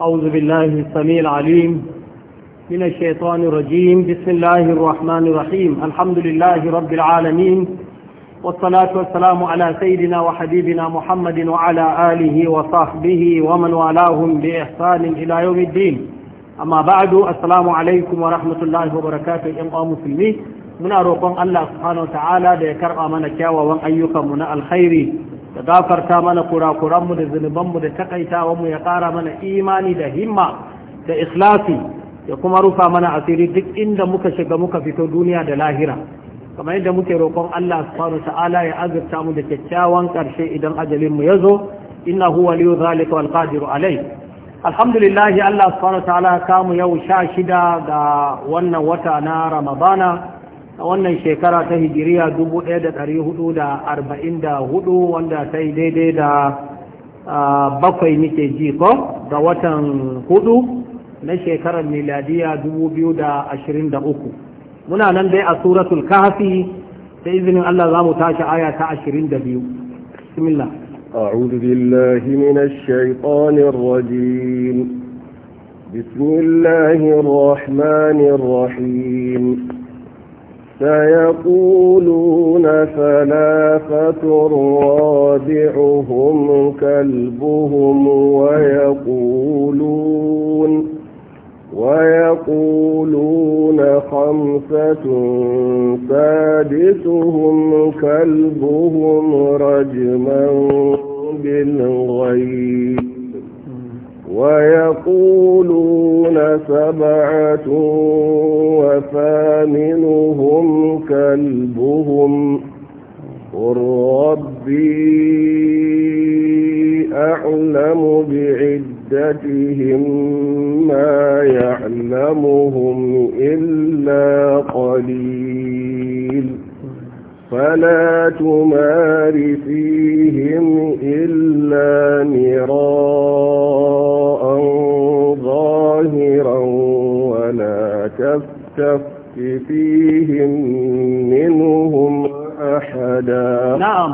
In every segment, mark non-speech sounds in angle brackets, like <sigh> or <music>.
أعوذ بالله السميع العليم من الشيطان الرجيم بسم الله الرحمن الرحيم الحمد لله رب العالمين والصلاة والسلام على سيدنا وحبيبنا محمد وعلى آله وصحبه ومن والاهم بإحسان إلى يوم الدين أما بعد السلام عليكم ورحمة الله وبركاته يا مسلمين سلمي roƙon Allah subhanahu ta'ala da ya karɓa mana kyawawan ayyukanmu na alkhairi da gafarta mana kurakuranmu da zunubanmu da takaitawanmu ya ƙara mana imani da himma da ikhlasi ya kuma rufa mana asiri duk inda muka shiga muka fito duniya da lahira kamar yadda muke roƙon Allah subhanahu ta'ala ya azurta mu da kyakkyawan ƙarshe idan ajalin mu yazo hu waliyu zalika wal qadiru alai alhamdulillah Allah subhanahu ta'ala kamu yau 16 ga wannan wata na Ramadana a wannan shekara ta hijiriya 1444 wanda ta yi daidai da bakwai nike ji ko da watan hudu na shekarar miladiya 2023 muna nan dai a suratul kafi da izinin Allah za mu tashi aya ta 22 bismillah أعوذ بالله من الشيطان الرجيم بسم الله الرحمن الرحيم سيقولون ثلاثة رادعهم كلبهم ويقولون ويقولون خمسة سادسهم كلبهم رجما بالغيب ويقولون سبعة وثامنهم كلبهم قل ربي أعلم بعدتهم ما يعلمهم إلا قليل فلا تمار تفت فيهم منهم أحدا نعم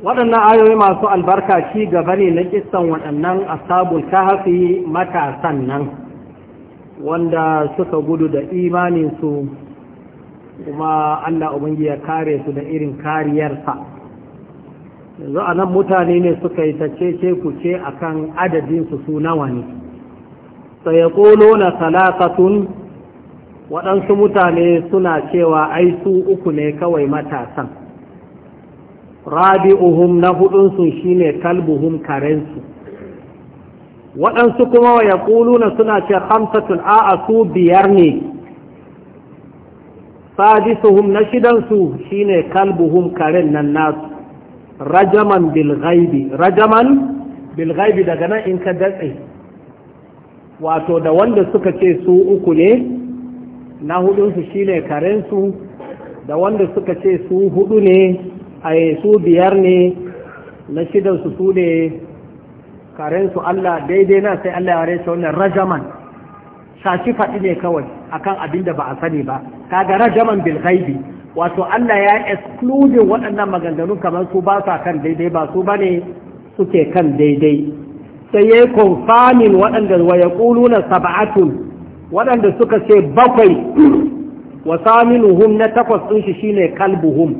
waɗannan ayoyi masu albarka ci gaba ne na kistan waɗannan asabul kahafi matasan nan wanda suka gudu da imaninsu kuma Allah ubangi ya kare su da irin kariyarsa yanzu anan mutane ne suka yi ta cece kuce akan adadinsu su nawa ne Tsaya ya ƙolo na salatatun waɗansu mutane suna cewa ai su uku ne kawai matasan rabi'uhum na hudunsu shine kalbuhum karensu waɗansu kuma wa yaquluna suna ce hamsatun a'a su biyar ne sadisuhum na shidansu shine kalbuhum karen nan nasu rajaman bilghaibi rajaman bilghaibi daga nan in ka datse wato da wanda suka ce su uku ne na hudunsu shine karensu da wanda suka ce su hudu ne a su biyar ne na shidansu su ne karensu Allah daidai na sai Allah ya resa wannan rajaman shashi faɗi ne kawai akan abin da ba a sani ba kaga rajaman bil wato Allah ya eskludin waɗannan maganganu kamar su ba sa kan daidai ba su bane suke kan daidai sai ya yi confirming waɗanda wa yaquluna sab'atun waɗanda suka ce bakwai wa saminuhum na takwas ɗin shi shine kalbuhum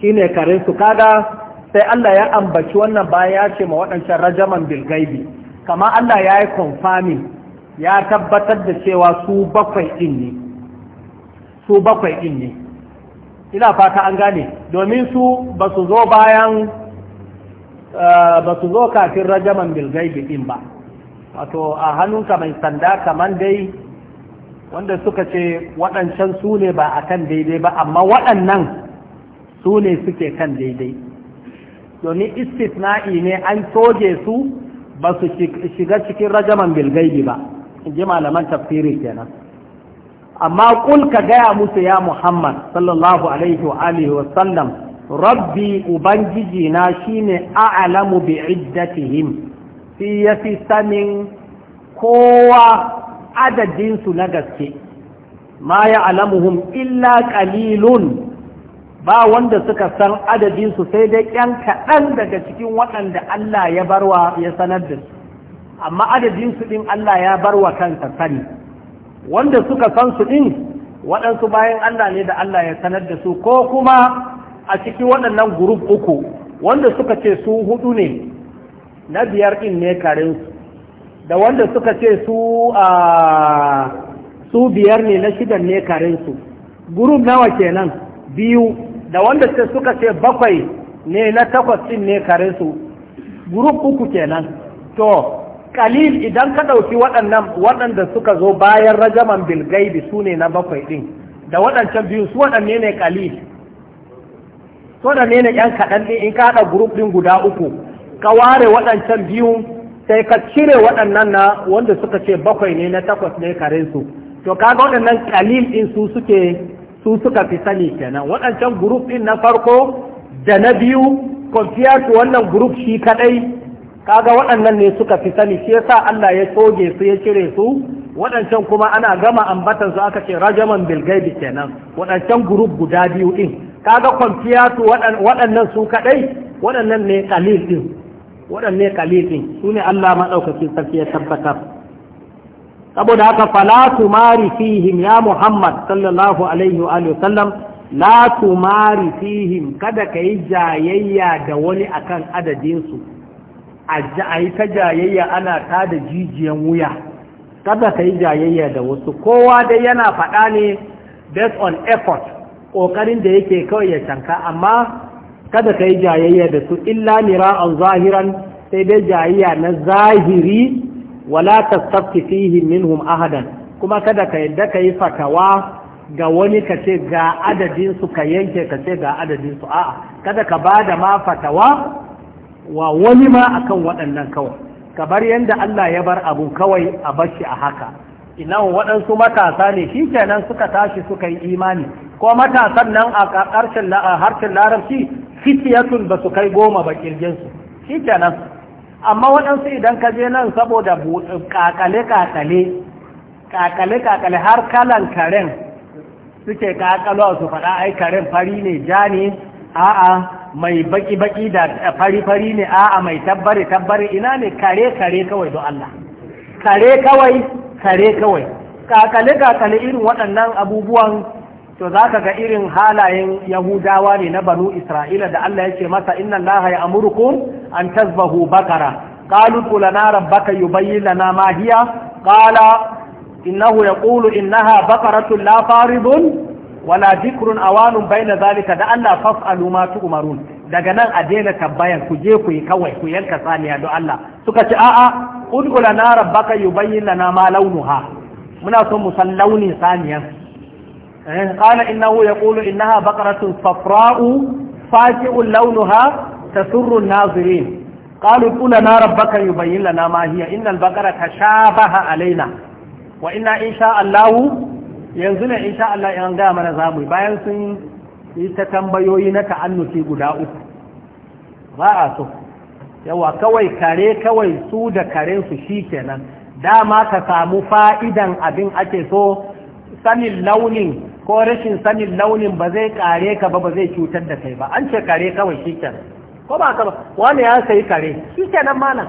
shine karin su kada. sai Allah ya ambaci wannan bayan ya ce ma waɗancan rajaman bilgaibi kama Allah ya yi konfamin ya tabbatar da cewa su bakwai ɗin ne su bakwai ɗin ne ina fata an gane domin su ba su zo bayan eh, ba su zo kafin rajaman bilgaibi ɗin ba wato a hannunka mai sanda kaman dai wanda suka ce waɗancan su ne ba a kan daidai ba amma waɗannan su ne suke kan daidai domin istisna'i ne an toge su ba su shiga cikin rajaman bilgaibi ba in ji malaman tafsiri kenan amma kul ka gaya musu ya muhammad sallallahu alaihi wa alihi wa sallam rabbi ubangiji na shine a'lamu bi iddatihim fi yafi sanin kowa adadinsu na gaske ma ya alamuhum illa qalilun ba wanda suka san adadinsu sai dai yan kaɗan daga cikin waɗanda Allah ya barwa ya sanar da su amma adadinsu ɗin Allah ya barwa kansa sani wanda suka san su ɗin waɗansu bayan Allah ne da Allah ya sanar da su ko kuma a cikin waɗannan guruf uku wanda suka ce su hudu ne na biyar ɗin ne karensu da wanda suka ce su a su biyar ne na shidan ne karensu gurub nawa kenan biyu da wanda suka ce bakwai ne na takwas ɗin ne karensu gurub uku kenan to kalil idan ka ɗauki waɗannan waɗanda suka zo bayan rajaman bilgaibi su ne na bakwai ɗin da waɗancan biyu su waɗanne ne kalil su waɗanne ne ‘yan kaɗan ɗin in ka haɗa gurub ɗin guda uku ka ware waɗancan biyun sai ka cire waɗannan na wanda suka ce bakwai ne na takwas ne karensu to kaga waɗannan kalil ɗin su suke su suka fi sani kenan waɗancan group ɗin na farko da na biyu compared wannan group shi kadai kaga waɗannan ne suka fi sani shi yasa Allah ya soge su ya cire su waɗancan kuma ana gama ambatan su aka ce rajaman bilgaibi kenan waɗancan group guda biyu ɗin kaga compared waɗannan su kadai waɗannan ne kalil ɗin. waɗanne kalifin su ne Allah maɗaukacin sarki ya tabbatar saboda haka falatu mari fihim ya Muhammad sallallahu alaihi wa sallam la tumari fihim kada ka yi jayayya da wani akan adadinsu a yi ta jayayya ana ta da jijiyan wuya kada ka yi jayayya da wasu kowa dai yana faɗa ne based on effort ƙoƙarin da yake kawai ya canka amma kada ka yi jayayya da su illa mira an zahiran sai dai jayayya na zahiri wala tastafti fihi minhum ahadan kuma kada ka yadda ka yi fatawa ga wani ka ce ga adadin su ka yanke ka ce ga adadin su a'a kada ka ba da ma fatawa wa wani ma akan waɗannan kawai Ka bar yadda Allah ya bar abu kawai a bashi a haka ina waɗansu matasa ne shikenan suka tashi suka yi imani ko matasan nan a harshen larabci fitiyatun ba su kai goma ba kirjinsu shi kenan amma waɗansu idan ka je nan saboda kakale-kakale kakale-kakale har kalan karen suke kakalo su faɗa ai karen fari ne ja ne a'a mai baki-baki da fari-fari ne a'a mai tabbari-tabbari ina ne kare-kare kawai don Allah kare kawai kare kawai kakale-kakale irin waɗannan abubuwan to za ka ga irin halayen yahudawa ne na banu isra'ila da Allah ya ce masa inna allaha ya amurkum an tazbahu bakara qalu lana rabbaka yubayyin lana ma hiya qala innahu yaqulu innaha baqaratun la faridun wala dhikrun awanun baina zalika da Allah fas'alu ma tu'marun daga nan a daina tabbayan ku je ku yi kawai ku yanka saniya do Allah suka ce a'a ud'u lana rabbaka yubayyin lana ma launuha muna son mu san launin saniyan Eh, qala innahu yaqulu innaha baqaratun safra'u faqi'un launuha tasurru an-nazirin qalu qul lana rabbaka yubayyin lana ma hiya innal baqara tashabaha alaina wa inna insha Allah yanzu ne insha Allah in ga mana zamu bayan sun yi ta tambayoyi na ta'annuki guda uku ba so yawa kawai kare kawai su da karen shi kenan. dama ka samu fa'idan abin ake so sanin launin ko rashin sanin launin ba zai kare ka ba ba zai cutar da kai ba an ce kare kawai shi ko ba ka ba wani ya sayi kare shi kenan malam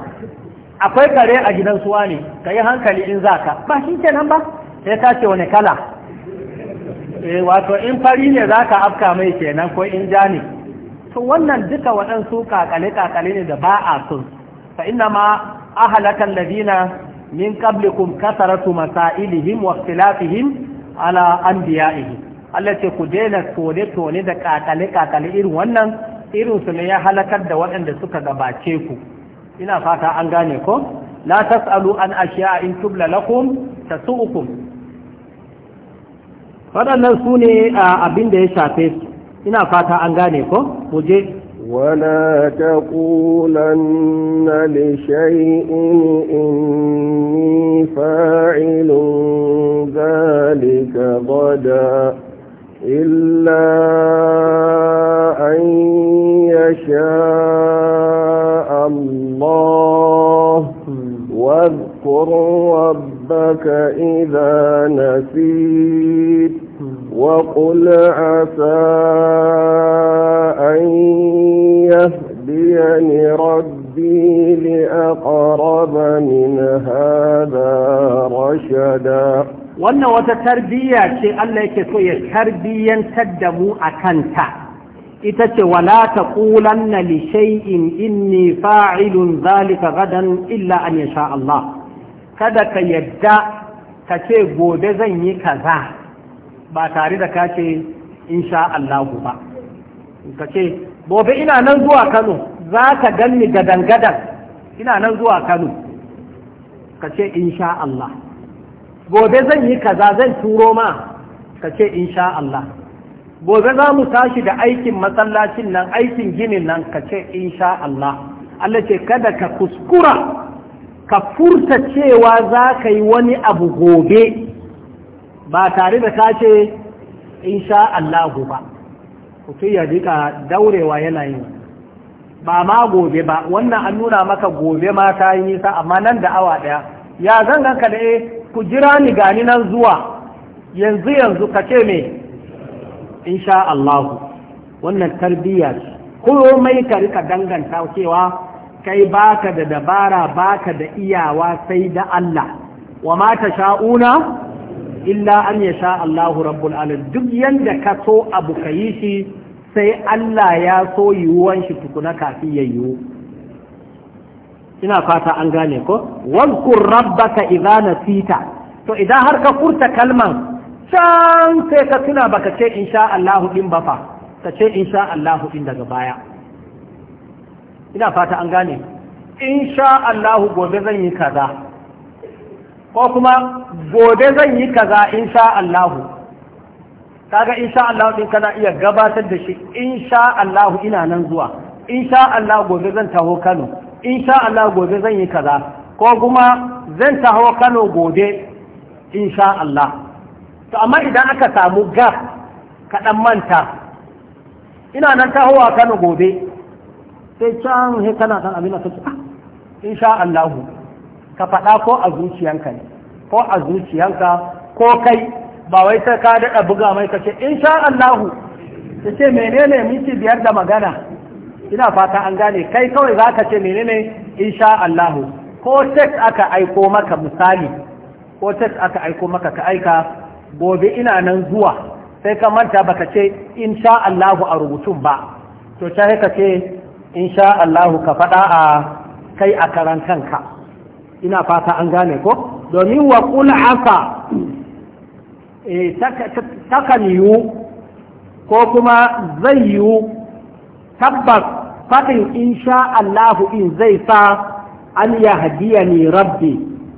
akwai kare a gidan su wani ka yi hankali in za ka ba shi kenan ba sai ka ce wani kala eh wato in fari ne za ka afka mai kenan ko in ja ne to wannan duka waɗansu kakale kakale ne da ba a sun fa inna ma ahalaka ladina min qablikum kasaratu masailihim wa ikhtilafihim ala anbiya'ihi Allah ce ku daina tone-tone da kakale-kakale irin wannan irin su ne ya halakar da waɗanda suka gabace ku ina fata an gane ko la tas'alu an ashiya in tubla lakum tasu'ukum waɗannan su ne abin da ya shafe su ina fata an gane ko mu je ولا تقولن لشيء إني فاعل ذلك غدا إلا أن يشاء الله واذكر ربك إذا نسيت وقل عسى أن يهديني ربي لأقرب من هذا رشدا wannan wata tarbiyya ce Allah yake so ya tarbiyyantar da mu a kanta ita ce wala ta ƙulanna li shay'in inni fa'ilun zalika gadan illa an yasha Allah kada ka yadda ka ce gobe zan yi kaza ba tare da kace insha Allah ba ka ce gobe ina nan zuwa Kano za ka ganni gadan gadan ina nan zuwa Kano ka ce insha Allah gobe zan yi kaza zan turo ma ka ce insha Allah gobe za mu tashi da aikin matsalacin nan aikin ginin nan ka ce insha Allah Allah ce kada ka kuskura ka furta cewa za ka yi wani abu gobe ba tare da ka ce insha Allahu ba mutum ya jika daurewa yana yi ba ma gobe ba wannan an nuna maka gobe ma ta yi nisa amma nan da awa ɗaya ya zan ganka da eh ku jira ni gani nan zuwa yanzu yanzu ka ce me insha Allahu wannan tarbiyyar, ce mai ka rika danganta cewa kai baka da dabara baka da iyawa sai da Allah wa ma sha'una illa an ya sha Allahu rabbul alam duk yanda ka so abu ka yi shi sai Allah ya so yiwuwan shi tukuna kafin ya yiwu ina fata an gane ko wazkur rabbaka idza nasita to idan har ka furta kalman can sai ka tuna baka ce insha Allahu din ba fa ka ce insha Allahu din daga baya ina fata an gane insha Allahu gobe zan yi kaza ko kuma gobe zan yi kaza insha Allahu kaga insha Allahu din kana iya gabatar da shi insha Allahu ina nan zuwa insha Allah gobe zan taho Kano insha Allah gobe zan yi kaza ko kuma zan taho Kano gobe insha Allah to amma idan aka samu ga kaɗan manta ina nan tahowa Kano gobe sai can he kana san abin da kake ah, insha Allahu ka faɗa ko a zuciyanka ne ko a zuciyanka ko kai ba wai sai ka daɗa buga mai kace insha Allahu ta ce menene minti biyar da magana ina fata an gane kai kawai za ka ce menene insha Allahu ko tek aka aiko maka misali ko tek aka aiko maka ka aika gobe ina nan zuwa sai ka manta baka ce insha Allahu a rubutun ba to ta ka ce insha Allahu ka faɗa a kai a karan kanka ina fata an gane ko domin wa kula eh, asa takan yiwu ko kuma zai yiwu tabbas faɗin insha Allahu in zai sa an ya ni rabbi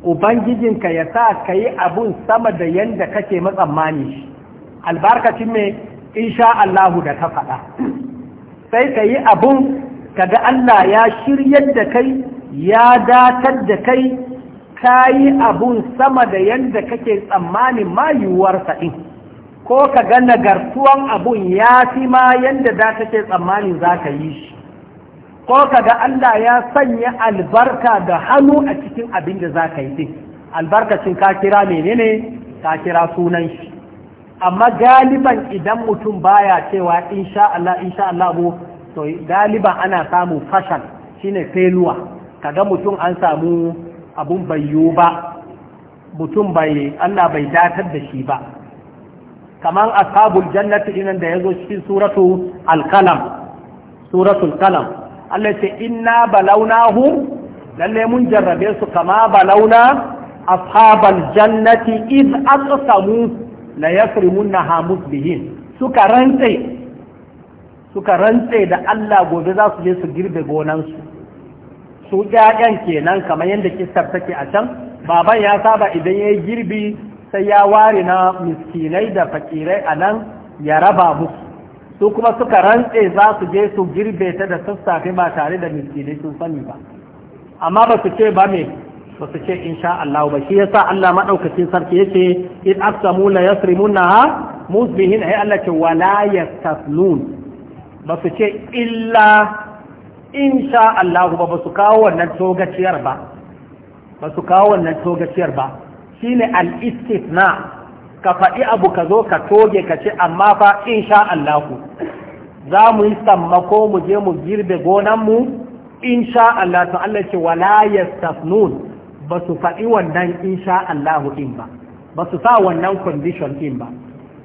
Ubangijin ka ya sa ka yi abun sama da yanda kake matsammani albarkacin mai insha Allahu da ka faɗa sai ka yi abun kaga Allah ya shiryar da kai ya datar da kai ka yi abun sama da yadda kake tsammanin mayuwarsa sa'in ko ka gana nagartuwan abun ya fi ma yadda da kake tsammanin za ka yi shi ko ka ga Allah ya sanya albarka da hannu a cikin abin da za ka yi din albarkacin ka kira menene ka kira sunan shi amma galiban idan mutum baya cewa insha Allah insha Allah to galiban ana samun fashan shine failure kaga mutum an samu abun bayyo ba mutum bai Allah bai datar da shi ba Kaman ashabul jannati inan da yazo cikin suratu al-qalam suratul qalam Allah ce inna balawnahu lalle mun jarrabe su kama balauna ashabal jannati id aqsamu la yasrimunha musbihin suka rantsai suka rantse da Allah gobe za su je su girbe gonansu su yayan kenan kamar yadda kistar take a can baban ya saba idan ya yi girbi sai ya ware na miskinai da fakirai a nan ya raba musu su kuma suka rantse za su je su girbe ta da sassafe ba tare da miskinai sun sani ba amma ba su ce ba me ba su ce insha Allah ba shi ya sa Allah maɗaukacin sarki yace in aqsamu la yasrimunha musbihin ay Allah ce wala tasnun. ba su ce illa insha Allah ba ba su kawo wannan togaciyar ba ba su kawo wannan togaciyar ba shine al-istithna ka faɗi abu ka zo ka toge ka ce amma fa insha Allah za mu yi sammako mu je mu girbe gonanmu insha Allah to Allah ce wala yastafnun ba su faɗi wannan insha Allah din ba ba su sa wannan condition din ba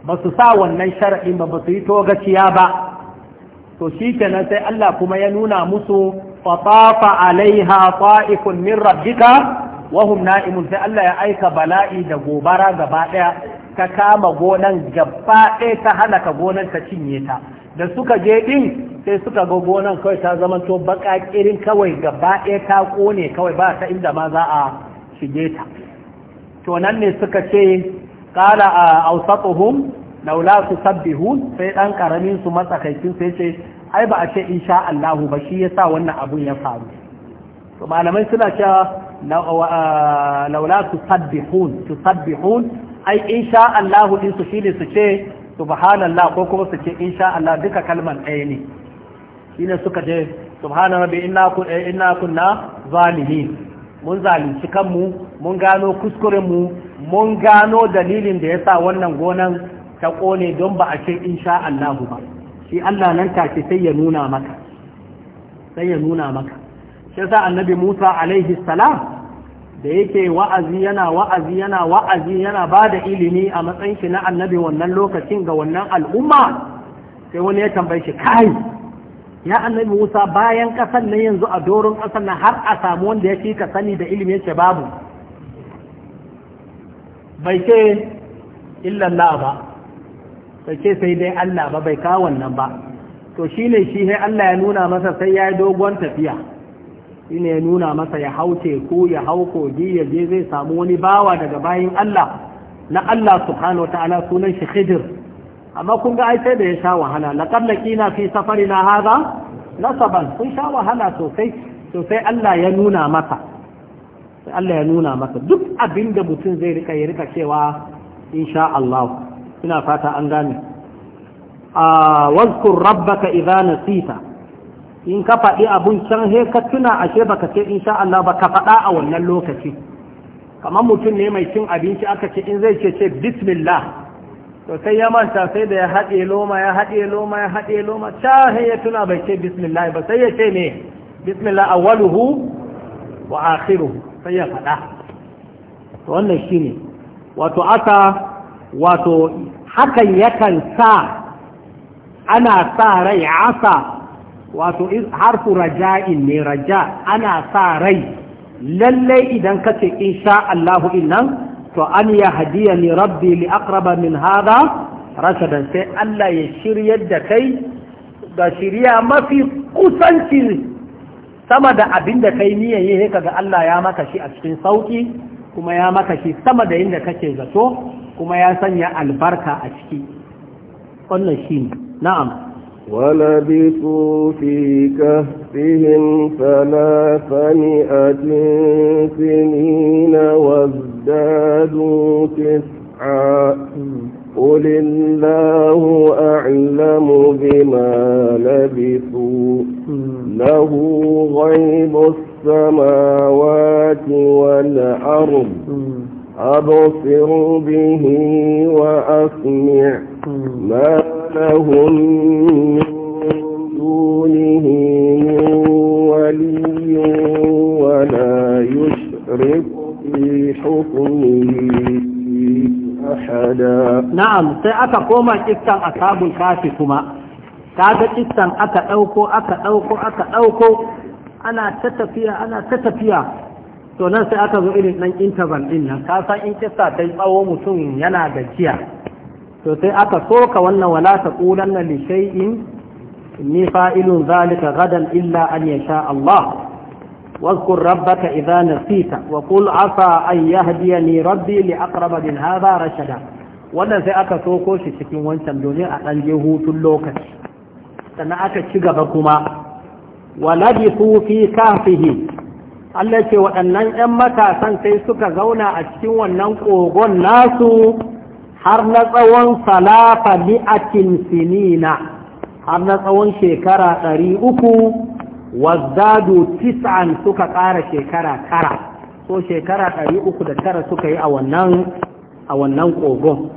ba su sa wannan shar'in ba ba su yi togaciya ba to shi kenan sai Allah kuma ya nuna musu fatafa alaiha ta'ifun min rabbika wa hum na'imun sai Allah ya aika bala'i da gobara gaba daya ta kama gonan gaba daya ta halaka gonan ta cinye ta da suka je din sai suka ga gonan kawai ta zama to baka kirin kawai gaba daya ta kone kawai ba ta inda ma za a shige ta to nan ne suka ce qala ausatuhum laula su sabbi hun sai dan karamin su matsakaikin sai ce ai ba a ce insha Allahu ba shi yasa wannan abun ya faru to malamai suna cewa laula su sabbi hun su sabbi hun ai insha Allahu din su shine su ce subhanallah ko kuma su ce insha Allah duka kalmar ɗaya ne shine suka ce subhana rabbi inna kunna eh, inna kunna zalimin mun zalunci kanmu mun gano kuskuren mu mun gano dalilin da yasa wannan gonan ta ƙone don ba a ce sha Allahu ba shi Allah nan take sai ya nuna maka sai ya nuna maka shi sa annabi Musa alaihi salam da yake wa'azi yana wa'azi yana wa'azi yana ba da ilimi a matsayin shi na annabi wannan lokacin ga wannan al'umma sai wani ya tambaye shi kai ya annabi Musa bayan kasan na yanzu a dorin ƙasan na har a samu wanda ya fi ka sani da ilimi yake babu bai ce illallah ba bai sai dai Allah ba bai kawo wannan ba to shi ne shi sai Allah ya nuna masa sai ya yi dogon tafiya shi ne ya nuna masa ya hau teku ya hau kogi ya je zai samu wani bawa daga bayin Allah na Allah subhanahu ta'ala sunan shi Khidir amma kun ga ai da ya sha wahala laqad laqina fi safarina hadha nasaban kun sha wahala sosai sosai Allah ya nuna masa sai Allah ya nuna masa duk abinda mutum zai rika ya rika cewa insha Allah ina fata an gane a wazkur rabbaka idza nasita in ka faɗi abun can he ka tuna ashe baka ce insha Allah baka faɗa a wannan lokaci kamar mutum ne mai cin abinci aka ce in zai ce ce bismillah to sai ya manta sai da ya haɗe loma ya haɗe loma ya haɗe loma ta ya tuna bai ce bismillah ba sai ya ce ne bismillah awwaluhu wa akhiruhu sai ya faɗa to wannan shine wato aka wato hakan yakan sa ana sa rai asa wato harfu raja'in ne raja ana sa rai lallai idan kace insha Allahu innan to an ya hadiya ni rabbi li aqraba min hada rasadan sai Allah ya shiryar da kai ga shirya mafi kusanci sama da abin da kai niyan yi kaga Allah ya maka shi a cikin sauki kuma ya maka shi sama da inda kake zato kuma ya sanya albarka a ciki wannan shi na'am walabi su fi kafin salafani a jinsini na wadadu tis'a ulillahu a'lamu bima labisu lahu ghaibu samawati wal ardh أبصر به وأسمع ما لهم من دونه من ولي ولا يشرك في حكمه أحدا نعم سيأتى قوما كتن أصحاب الكافي كما كذا كتن أكا أوكو أكا أوكو أكا أوكو أنا تتفيا أنا تتفيا to nan sai aka zo irin ɗan interval din nan ka san in kissa ta tsawo mutum yana gajiya to sai aka soka wannan wala ta ƙulan na lishayin ni fa'ilun zalika gadan illa an ya sha Allah واذكر ربك إذا نسيت وقل عسى أن يهديني ربي لأقرب من هذا رشدا wannan sai aka soko shi cikin wancan domin a ɗan je hutun lokaci sannan aka ci gaba kuma waladi fi kafihi Allah ce waɗannan 'yan matasan sai suka zauna a cikin wannan ƙogon nasu har na tsawon salafa mi'atin sinina har na tsawon shekara ɗari uku wazdadu tis'an suka ƙara shekara tara so shekara ɗari uku da tara suka yi a wannan ƙogon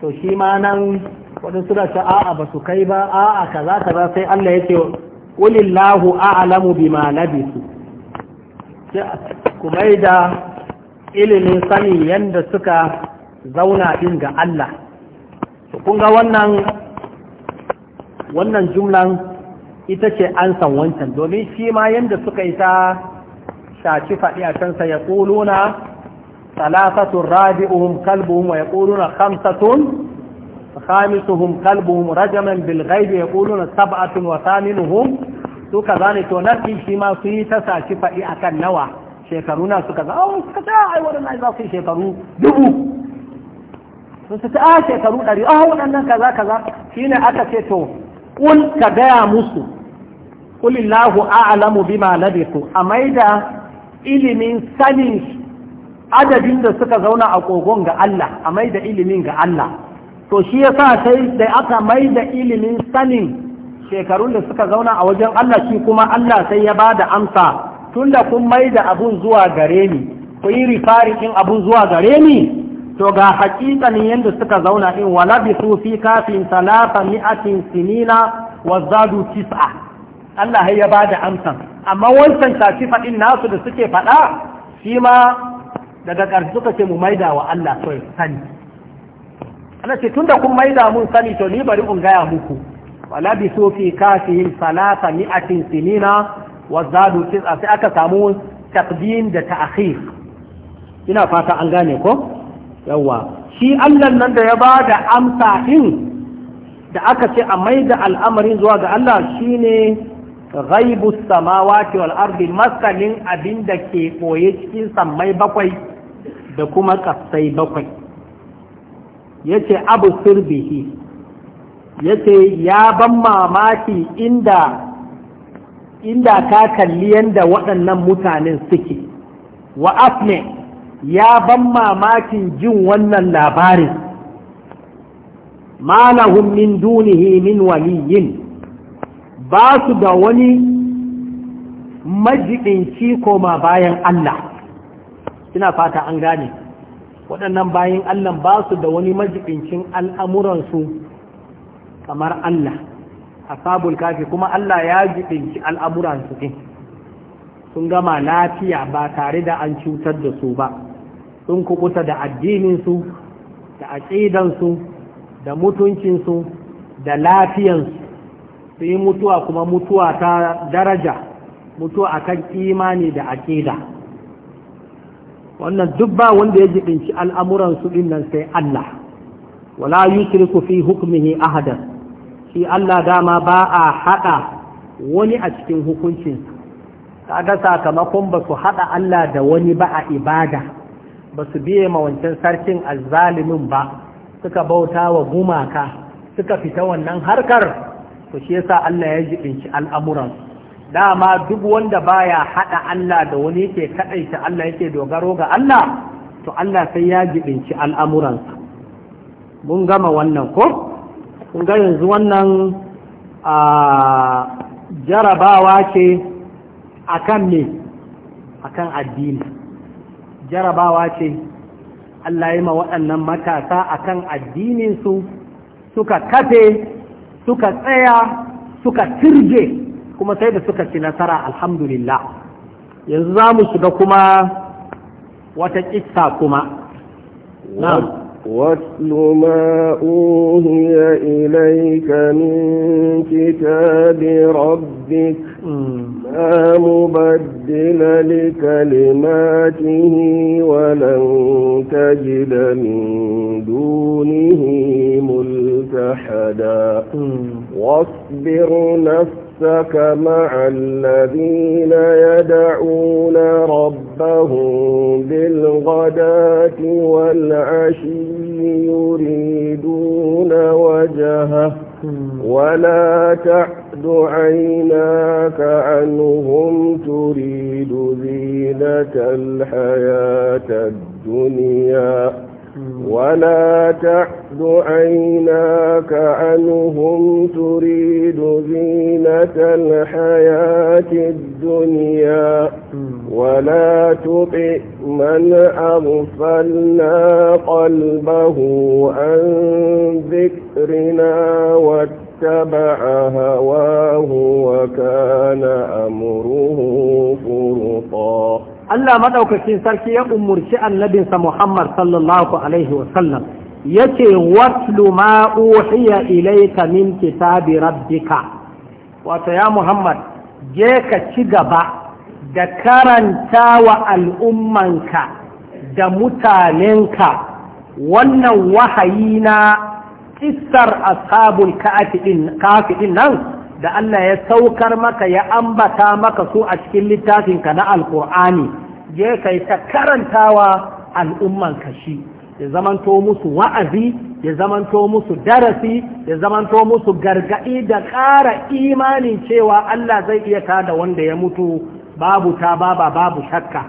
so to shi ma nan waɗansu da a'a ba su kai ba a'a kaza kaza sai Allah ya ce a'lamu bima labisu kumaida da ilimin sani yadda suka zauna din ga Allah kun ga wannan wannan jumlan ita ce an san wancan domin shi ma yadda suka yi ta shaci faɗi a kansa ya ƙuluna salafatun rabi'uhum kalbuhum wa ya ƙuluna khamsatun khamisuhum kalbuhum rajaman bil ghaibi ya ƙuluna sab'atun wa thaminuhum su kaza zane to nan din shi ma su yi ta sashi faɗi akan nawa shekaru na suka za a oh, suka ta ah, ai waɗannan za su yi shekaru dubu su su ta a ah, shekaru ɗari a ah, waɗannan kaza kaza shi ne aka ce to kul ka gaya musu kulillahu a'lamu bima labiku a maida ilimin sanin adadin da suka zauna a kogon ga Allah a maida ilimin ga Allah to shi yasa sai da aka maida ilimin sanin shekarun da suka zauna a wajen Allah shi kuma Allah sai ya ba da amsa tun da kun mai da abun zuwa gare ni ku yi rifarikin abun zuwa gare ni to ga hakikanin yadda suka zauna in wala bi su fi kafin talata mi'atin sinina wa zadu tis'a Allah ya ba da amsa amma wancan tafi faɗin nasu da suke faɗa shi ma daga ƙarshe suka ce mu maida wa Allah sai sani Allah ce tun da kun maida mun sani to ni bari in gaya muku walabisu fi kafihim salata mi'atin sinina wa zadu tis'a sai aka samu taqdim da ta'khir ina fata an gane ko yawa shi Allah nan da ya bada amsa din da aka ce a maida al'amarin zuwa ga Allah shine ghaibu samawati wal ardi abin abinda ke koye cikin sammai bakwai da kuma kasai bakwai yace abu sirbihi yace ya ban mamaki inda inda ka kalli yanda waɗannan mutanen suke wa afne ya ban mamaki jin wannan labarin malahum min dunihi min waliyin ba su da wani majiɗinci koma bayan Allah ina fata an gane waɗannan bayan Allah ba su da wani majiɗincin al'amuransu kamar Allah ashabul kafi kuma Allah ya jibinci al'amuran su ɗin sun gama lafiya ba tare da an cutar da su ba sun kukuta da addininsu da aƙidansu da mutuncinsu da lafiyansu su yi mutuwa kuma mutuwa ta daraja mutuwa akan imani da aƙida wannan duk ba wanda ya jibinci al'amuransu ɗin nan sai Allah wala yusriku fi hukmihi ahadan shi Allah dama ba a haɗa wani a cikin hukuncinsa kaga sakamakon ba su haɗa Allah da wani ba a ibada ba su biye ma wancan sarkin azzalimin ba suka bauta wa gumaka suka fita wannan harkar to shi yasa Allah ya jibinci al'amuran dama duk wanda baya haɗa Allah da wani yake kaɗaita Allah yake dogaro ga Allah to Allah sai ya jibinci al'amuransa mun gama wannan ko kun ga yanzu wannan a jarabawa ce a kan ne a kan addini jarabawa ce Allah yi ma waɗannan matasa kan addininsu suka kafe suka tsaya suka turge kuma sai da suka ci nasara alhamdulillah yanzu za mu shiga kuma wata ƙissa kuma واتل ما أوهي إليك من كتاب ربك لا مبدل لكلماته ولن تجد من دونه ملتحدا واصبر نفسك نفسك مع الذين يدعون ربهم بالغداة والعشي يريدون وجهه ولا تعد عيناك عنهم تريد زينة الحياة الدنيا ولا تعد عيناك عنهم تريد زينة الحياة الدنيا ولا تطع من أغفلنا قلبه عن ذكرنا واتقنا اتبع هواه وكان أمره فرطا Allah maɗaukacin sarki ya umurci annabinsa Muhammad sallallahu Alaihi wasallam ya Watlu ma uhiya ilaika min kitabi rabbika, wato ya Muhammad, je ka ci gaba da karanta wa al'ummanka da mutanenka wannan wahayi na kissar ashabul kafi nan da Allah ya saukar maka ya ambata maka su a cikin littafinka na alkur'ani je kai ta karantawa al'ummanka shi ya zamanto musu wa'azi ya zamanto musu darasi ya zamanto musu gargaɗi da ƙara imanin cewa Allah zai iya da wanda ya mutu babu ta baba babu shakka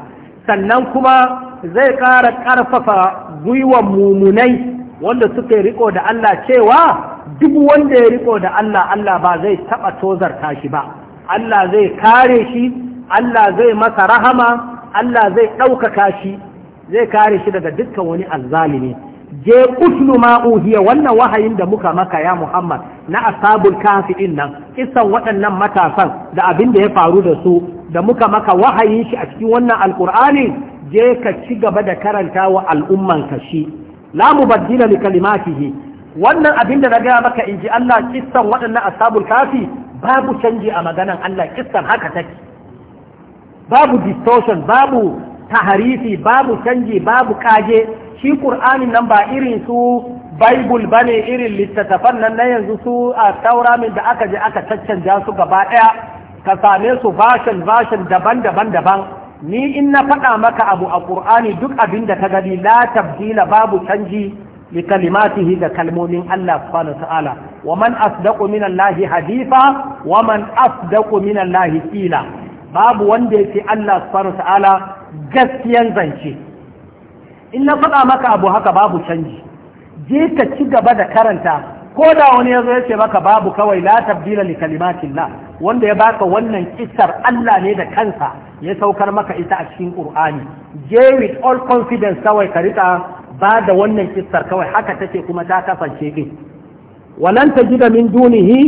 sannan kuma zai ƙara ƙarfafa gwiwar mumunai wanda suka riko da Allah cewa duk wanda ya riko da Allah Allah ba zai taba tozarta shi ba Allah zai kare shi Allah zai masa rahama Allah zai ɗaukaka shi zai kare shi daga dukkan wani azzalimi je uslu ma uhiya wannan wahayin da muka maka ya Muhammad na asabul kafirin nan kisan waɗannan matasan da abin da ya faru da su da muka maka wahayin shi a cikin wannan alkur'ani je ka ci gaba da karanta wa al'umman ka shi la mubaddila li kalimatihi wannan abin da na gaya maka inji Allah kissan waɗannan ashabul kafi babu canji a maganan Allah kissan haka take babu distortion babu taharifi babu canji babu kaje shi qur'anin nan ba irin su bible bane irin littattafan nan na yanzu su a taura min da aka je aka caccanja su gaba daya ka same su version version daban-daban daban ni in na faɗa maka abu a ƙur'ani duk abin da ka gani la tabdila babu canji li kalimatihi da kalmomin Allah subhanahu wa ta'ala wa man asdaqu min Allah hadifa wa man asdaqu min Allah qila babu wanda yake Allah subhanahu wa ta'ala gaskiyan zance in na faɗa maka abu haka babu canji je ka ci gaba da karanta ko da wani ya zo ya ce maka babu kawai la tabdila li kalimatillah wanda ya baka wannan kisar Allah ne da kansa ya saukar maka ita a cikin Qur'ani je with all confidence kawai ka rika ba da wannan kisar kawai haka take kuma ta kasance din walan tajida min dunihi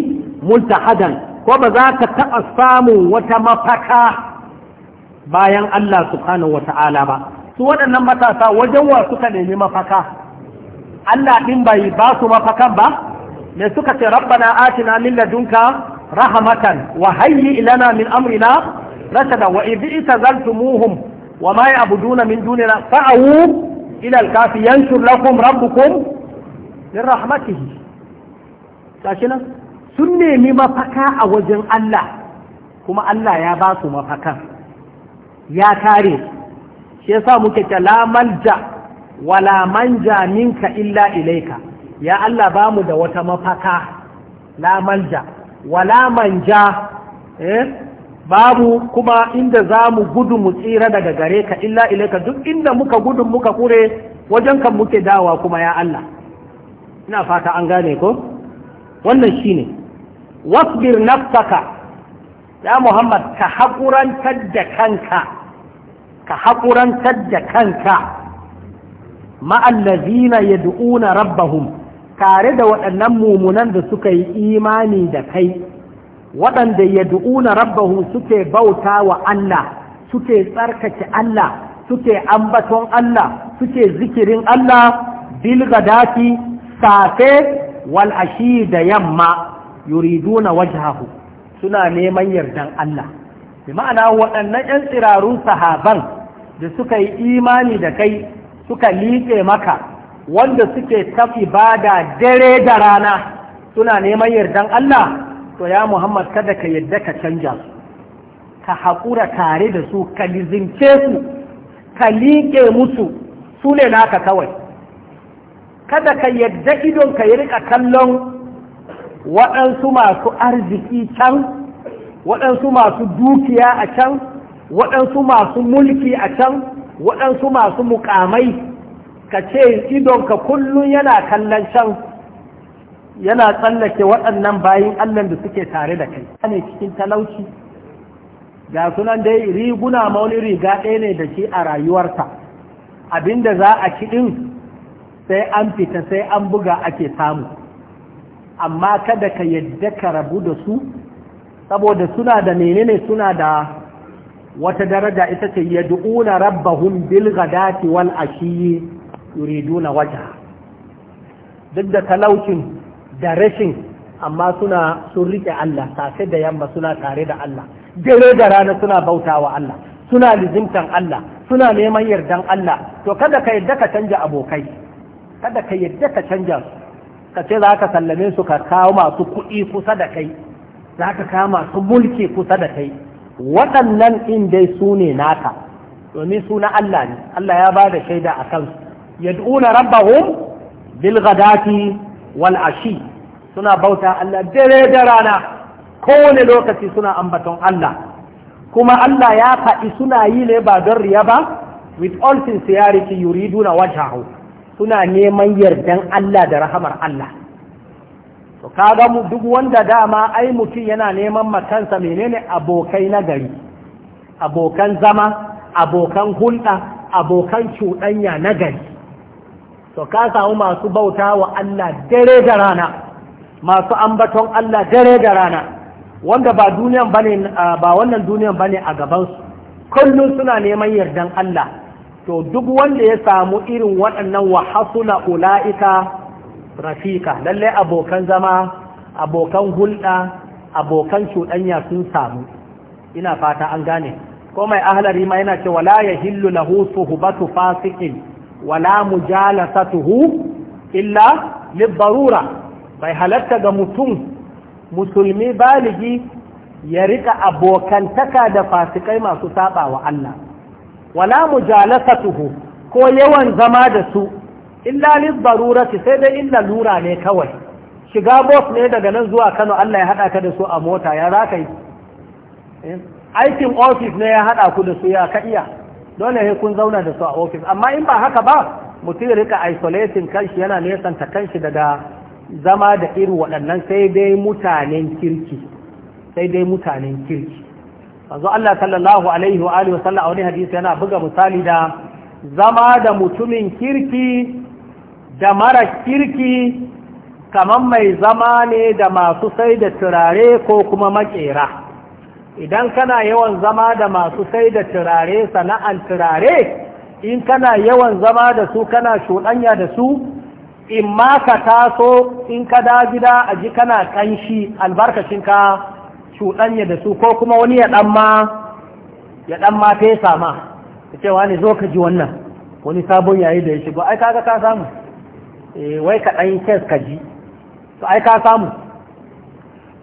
multahadan ko ba za ka taɓa samu wata mafaka bayan Allah subhanahu wata'ala ba su waɗannan matasa wajen wa suka nemi mafaka Allah ɗin bai ba su mafakan ba me suka ce rabbana atina min ladunka rahmatan wa hayyi lana min amrina rashada wa idh itazaltumuhum wa ma ya'buduna min dunina fa'u ila al-kafi yanshur lakum rabbukum min rahmatihi kashi sun nemi mafaka a wajen Allah kuma Allah ya ba su mafakan ya kare shi yasa muke ta la malja wala manja minka illa ilaika ya Allah ba mu da wata mafaka la Malja wala manja eh babu kuma inda za mu gudu mu tsira daga gare ka illa ilaika duk inda muka gudu muka kure wajen kan muke dawa kuma ya Allah ina fata an gane ko wannan shine wasbir nafsaka ya Muhammad ka haƙurantar da kanka ka haƙurantar da kanka ma'allazina yad'una rabbahum tare da waɗannan mumunan da suka yi imani da kai waɗanda ya du'una rabbahu suke bauta wa Allah suke tsarkake Allah suke ambaton Allah suke zikirin Allah bilgadati safe wal ashi da yamma yuriduna wajhahu suna neman yardan Allah bi ma'ana waɗannan 'yan tsirarun sahaban da suka yi imani da kai suka liƙe maka wanda suke tafi bada dare da rana suna neman yardan Allah to ya Muhammad kada ka yadda ka canja ka haƙura tare da su ka lizince su ka liƙe musu su ne naka kawai kada ka yadda idon ka yi rika kallon waɗansu masu arziki can waɗansu masu dukiya a can waɗansu masu mulki a can waɗansu masu mukamai ka ce idonka kullum yana kallon can yana tsallake waɗannan bayan Allah da suke tare da kai ne cikin talauci ga sunan dai riguna mauni riga ɗaya ne da shi a rayuwarsa abinda za a ci sai an fita sai an buga ake samu amma kada ka yadda ka rabu da su saboda suna da menene suna da wata daraja ita ce rabba hun bilga dati wal ashiyi yuriduna wata duk da talaucin da rashin amma suna sun riƙe Allah safe da yamma suna tare da Allah dare da rana suna bauta wa Allah suna lizimtan Allah suna neman yardan Allah to kada ka yadda ka canja abokai kada ka yadda ka canja ka ce za ka sallame su ka kawo masu kuɗi kusa da kai za ka kawo masu mulki kusa da kai waɗannan in dai su ne naka domin su na Allah ne Allah ya ba da shaida a kansu yad'una rabbahum bil ghadati wal ashi suna bauta Allah dare da rana kowane lokaci suna ambaton Allah kuma Allah ya faɗi suna yi ne ba don riya ba with all sincerity yuriduna wajhahu suna neman yardan Allah da rahamar Allah to kaga mu duk wanda dama ai mutum yana neman makansa menene abokai na gari abokan zama abokan hulɗa abokan cuɗanya na gari to ka samu masu bauta wa Allah dare da rana masu ambaton Allah dare da rana wanda ba duniyan bane ba wannan duniyan bane a gaban su kullun suna neman yardan Allah to duk wanda ya samu irin waɗannan wa hasuna ula'ika rafika lallai abokan zama abokan hulɗa abokan cuɗanya sun samu ina fata an gane ko mai ahlari ma yana cewa la yahillu lahu suhbatu fasiqin wala mujalasatuhu illa libarura bai halatta ga mutum musulmi baligi ya rika abokantaka da fasikai masu saba wa Allah wala mujalasatuhu ko yawan zama da su illa libarurati sai dai illa lura ne kawai shiga bos ne daga nan zuwa Kano Allah ya hada ka da su a mota ya ka yi eh, aikin ofis ne ya hada ku da su ya ka iya dole sai kun zauna da su a ofis amma in ba haka ba mutum rika isolation kanshi yana nesanta kanshi daga zama da iri waɗannan sai dai mutanen kirki sai dai mutanen kirki manzo Allah sallallahu alaihi wa alihi wasallam a wani hadisi yana buga misali da zama da mutumin kirki da mara kirki kamar mai zama ne da masu sai da turare ko kuma makera idan kana yawan zama da masu sai da turare sana'an turare in kana yawan zama da su kana shuɗanya da su in ma ka taso in ka da gida a ji kana ƙanshi albarkacinka shuɗanya da su ko kuma wani ya ɗan ma ya ma fesa ma ta cewa ne zo ka ji wannan wani sabon yayi da ya shigo ai kaga ka samu eh, wai ka ɗan kes ka ji to ai samu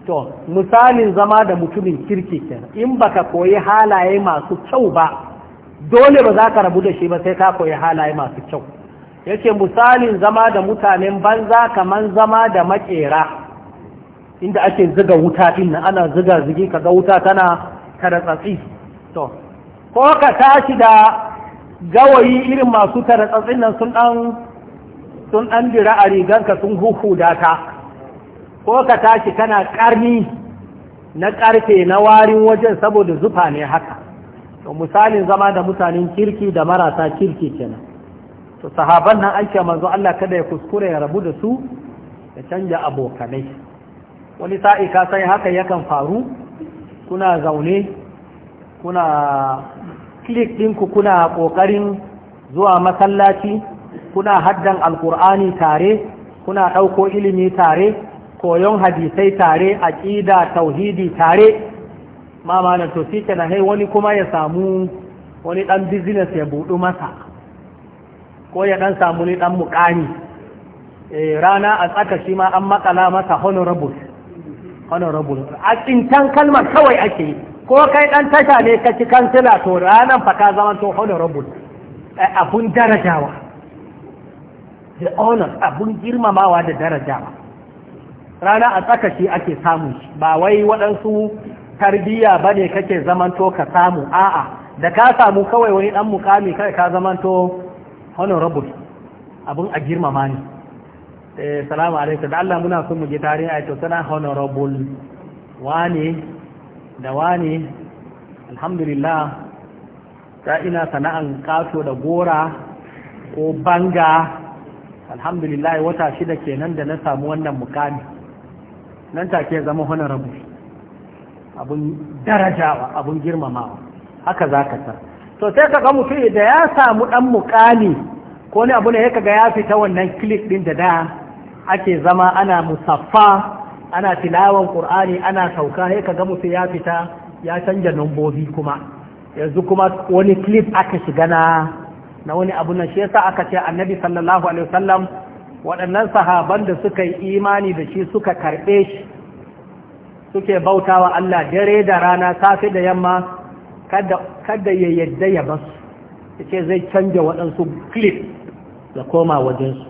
to misalin zama da mutumin kirki kenan in baka koyi halaye masu kyau ba dole ba za ka rabu da shi ba sai ka koyi halaye masu kyau yake misalin zama da mutanen banza kaman zama da makera inda ake ziga wuta din ana ziga zigi kaga wuta tana taratsatsi to ko ka tashi da gawayi irin masu taratsatsin nan sun dan sun dira a riganka sun huhuda ta ko ka tashi kana ƙarni na ƙarfe na warin wajen saboda zufa ne haka to misalin zama da mutanen kirki da marasa kirki kenan to sahaban nan aiki manzo Allah kada ya kuskure ya rabu da su ya canja abokanai wani sa'i ka sai haka yakan faru kuna zaune kuna klik ɗinku kuna ƙoƙarin zuwa masallaci kuna haddan alkur'ani tare kuna ɗauko ilimi tare koyon hadisai tare aƙida tauhidi tare ma malam to shi kenan hai wani kuma ya samu wani ɗan business ya buɗu masa ko ya ɗan samu ni ɗan muƙani eh, rana a tsaka shi ma an makala masa honorable honorable a tsintan kalmar kawai ake yi ko kai ɗan tasha ne ka ci kansila to ranar fa ka zama to honorable eh, abun darajawa the honor abun girmamawa da darajawa rana a tsakashi ake samu shi ba wai waɗansu tarbiyya ba ne kake zamanto ka samu a'a da ka samu kawai wani ɗan mukami kai ka zamanto honorable abin a girmama ne eh, salamu alaikum da Allah muna son mu je tare a to sana honorable wani da wani alhamdulillah ta ina sana'an kato da gora ko banga alhamdulillah wata shida kenan da na samu wannan mukami nan take zama rabu abun darajawa abun girmamawa haka za ka san to sai ka ga mutum da ya samu dan mukami ko ne abu ne ya kaga ya fita wannan clip din da da ake zama ana musaffa ana tilawan qur'ani ana sauka sai kaga mutum ya fita ya canja numbobi kuma yanzu kuma wani clip aka shiga na na wani abu na shi yasa aka ce annabi sallallahu alaihi wasallam waɗannan sahaban da suka yi imani da shi suka karɓe shi suke bautawa Allah dare da rana safe da yamma kada ya yadda ya basu ce zai canja waɗansu klip da koma wajensu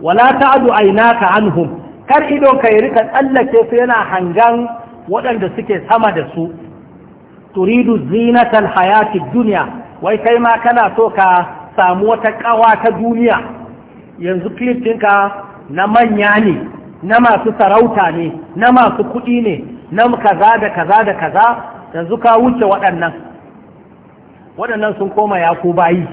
wala ta'adu an anhum kar ido ka yi rika tsallake su yana hangan waɗanda suke sama da su turidu zinatal hayati duniya wai kai ma kana so ka samu wata ƙawa ta duniya yanzu clip na manya ne na masu sarauta ne na masu kuɗi ne na kaza da kaza da kaza yanzu ka wuce waɗannan waɗannan sun koma ya ku bayi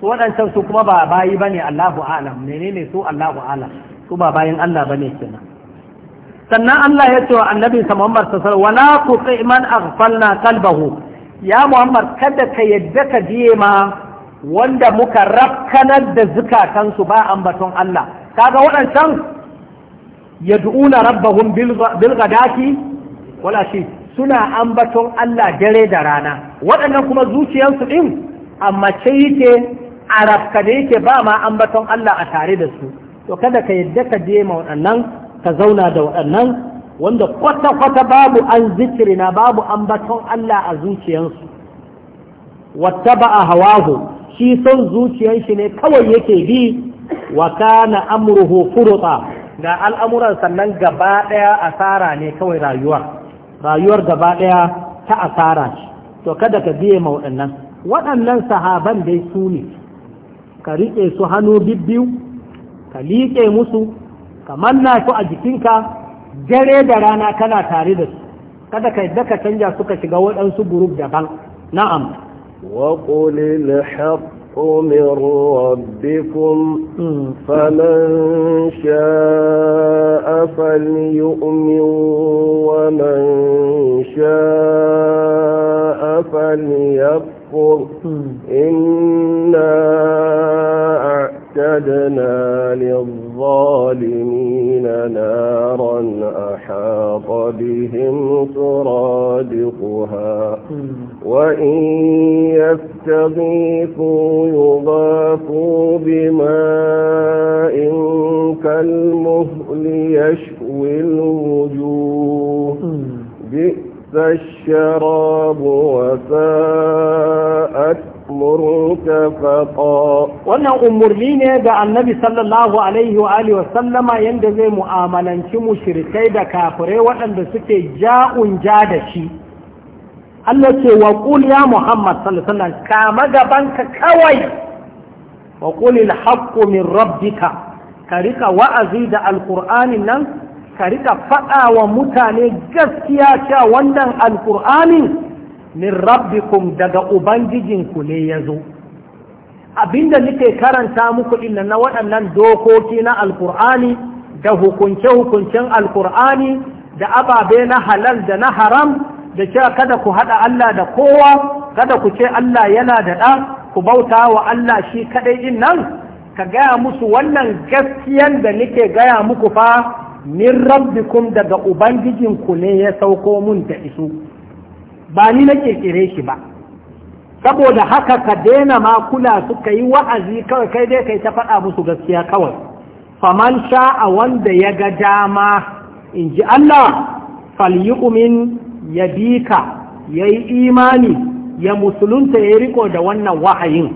su waɗancan su kuma ba bayi ba ne Allahu alam menene su Allahu alam su ba bayin Allah ba ne kenan sannan Allah ya ce wa annabi sa Muhammad sallallahu wala ku man aghfalna kalbahu ya Muhammad kada ka yadda ka biye ma wanda muka rakkanar da zukatansu ba ambaton Allah kaga waɗancan yad'una rabbahum bil ghadati wala shi suna ambaton Allah dare da rana waɗannan kuma zuciyarsu ɗin amma ce yake a rafkade yake ba ma ambaton Allah a tare da su to kada ka yadda ka je ma waɗannan ka zauna da waɗannan wanda kwata-kwata babu an zikirina babu ambaton Allah a zuciyarsu wata ba a hawahu shi son zuciyar ne kawai yake bi wa kana amruhu furuta ga al'amuran sannan gaba daya asara ne kawai rayuwar rayuwar gaba daya ta asara ce to kada ka biye ma waɗannan waɗannan sahaban dai su ne ka riƙe su hannu bibbiyu ka liƙe musu ka manna su a jikinka dare da rana kana tare da su kada ka yadda ka canja suka shiga waɗansu guruf daban na'am وقل الحق من ربكم فمن شاء فليؤمن ومن شاء فليكفر إِنَّا أعتدنا للظالمين نارا أحاط بهم ترادقها وإن يستغيثوا يضافوا بماء كالمهل يشوي الوجوه بئس الشراب وساءت wannan umurni ne ga annabi sallallahu alaihi wa alihi sallama yanda zai mu'amalanci mushrikai da kafirai waɗanda suke ja'un ja da shi Allah ce wa qul ya Muhammad sallallahu alaihi wasallam kama gabanka kawai wa qul al haqqu min rabbika ka rika wa'azi da alkur'ani nan ka rika faɗa wa mutane gaskiya cewa wannan alqur'anin min rabbikum daga ku ne ya zo abinda nike karanta muku inna na waɗannan dokoki na alkur'ani da hukunce-hukuncen alkur'ani da ababe na halal da na haram da cewa kada ku haɗa Allah da kowa kada ku ce Allah yana da ɗa ku bauta wa Allah shi kaɗai in nan ka gaya musu wannan gaskiyan da nike gaya muku fa min rabbikum daga ku ne ya sauko mun da isu ba ni na kekere shi ba saboda haka ka daina ma kula suka yi wa'azi kawai kai dai kai ta faɗa musu gaskiya kawai faman sha'a wanda ya ga dama in ji Allah falyu'min ya bi ka, ya yi imani ya musulunta ya riko da wannan wahayin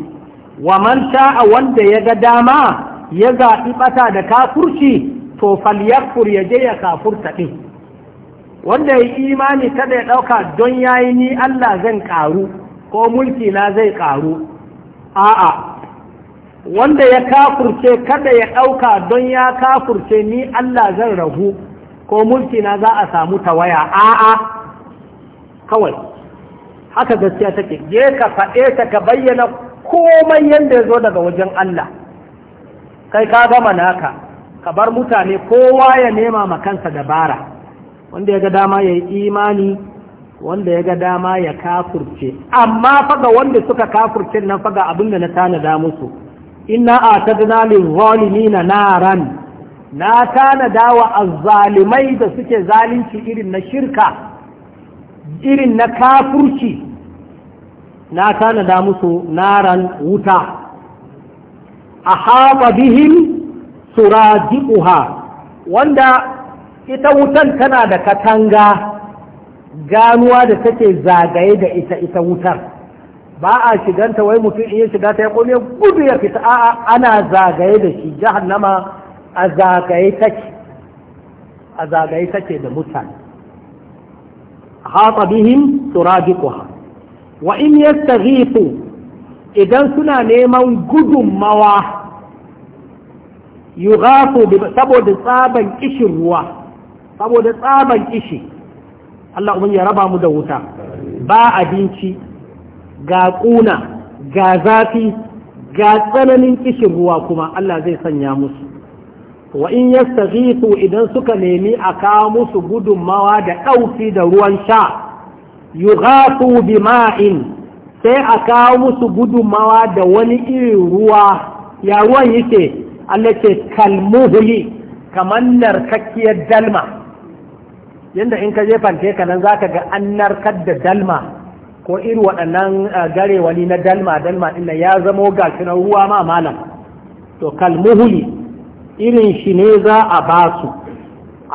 wa man sha'a wanda ya ga dama ya zaɓi ɓata da kafurci to falyakfur ya je ya kafurta ɗin wanda ya yi imani kada ya ɗauka don ya yi ni Allah zan ƙaru ko mulki na zai ƙaru a'a wanda ya kafurce kada ya ɗauka don ya kafurce ni Allah zan rahu, ko mulki na za a samu tawaya a'a kawai haka gaskiya take je ka faɗe ta ka bayyana komai yadda ya zo daga wajen Allah kai ka gama naka ka bar mutane kowa ya nema ma kansa dabara wanda ya ga dama ya yi imani wanda ya ga dama ya kafurce amma faga wanda suka kafurce nan faga abin da na tanada musu Ina a ta zalimina naran na tanada wa azzalimai da suke zalunci irin na shirka irin na kafurci na tanada musu naran wuta a haɓa bihin wanda ita wutan tana da katanga ganuwa da take zagaye da ita ita wutar ba a shiganta wai mutum iya shiga ta ya kone gudu ya fita a'a ana zagaye da shi jahannama a zagaye take a zagaye take da mutane haɗa bihim turajiquha wa in yastaghifu idan suna neman gudunmawa yughafu saboda tsaban kishin ruwa saboda tsaban kishi Allah ya raba mu da wuta ba abinci ga kuna ga zafi ga tsananin kishin ruwa kuma Allah zai sanya musu wa in yastaghithu idan suka nemi a kawo musu gudunmawa da ɗauki da ruwan sha yughathu bima'in sai a kawo musu gudunmawa da wani irin ruwa ya ruwan yake Allah ce kalmuhuli kamar narkakkiyar dalma yadda in ka je fanke ka nan zaka ga an narkar da dalma ko irin waɗannan uh, garewani na dalma dalma din ya zamo ga na ruwa ma malam to kalmuhuli irin shi ne za a ba su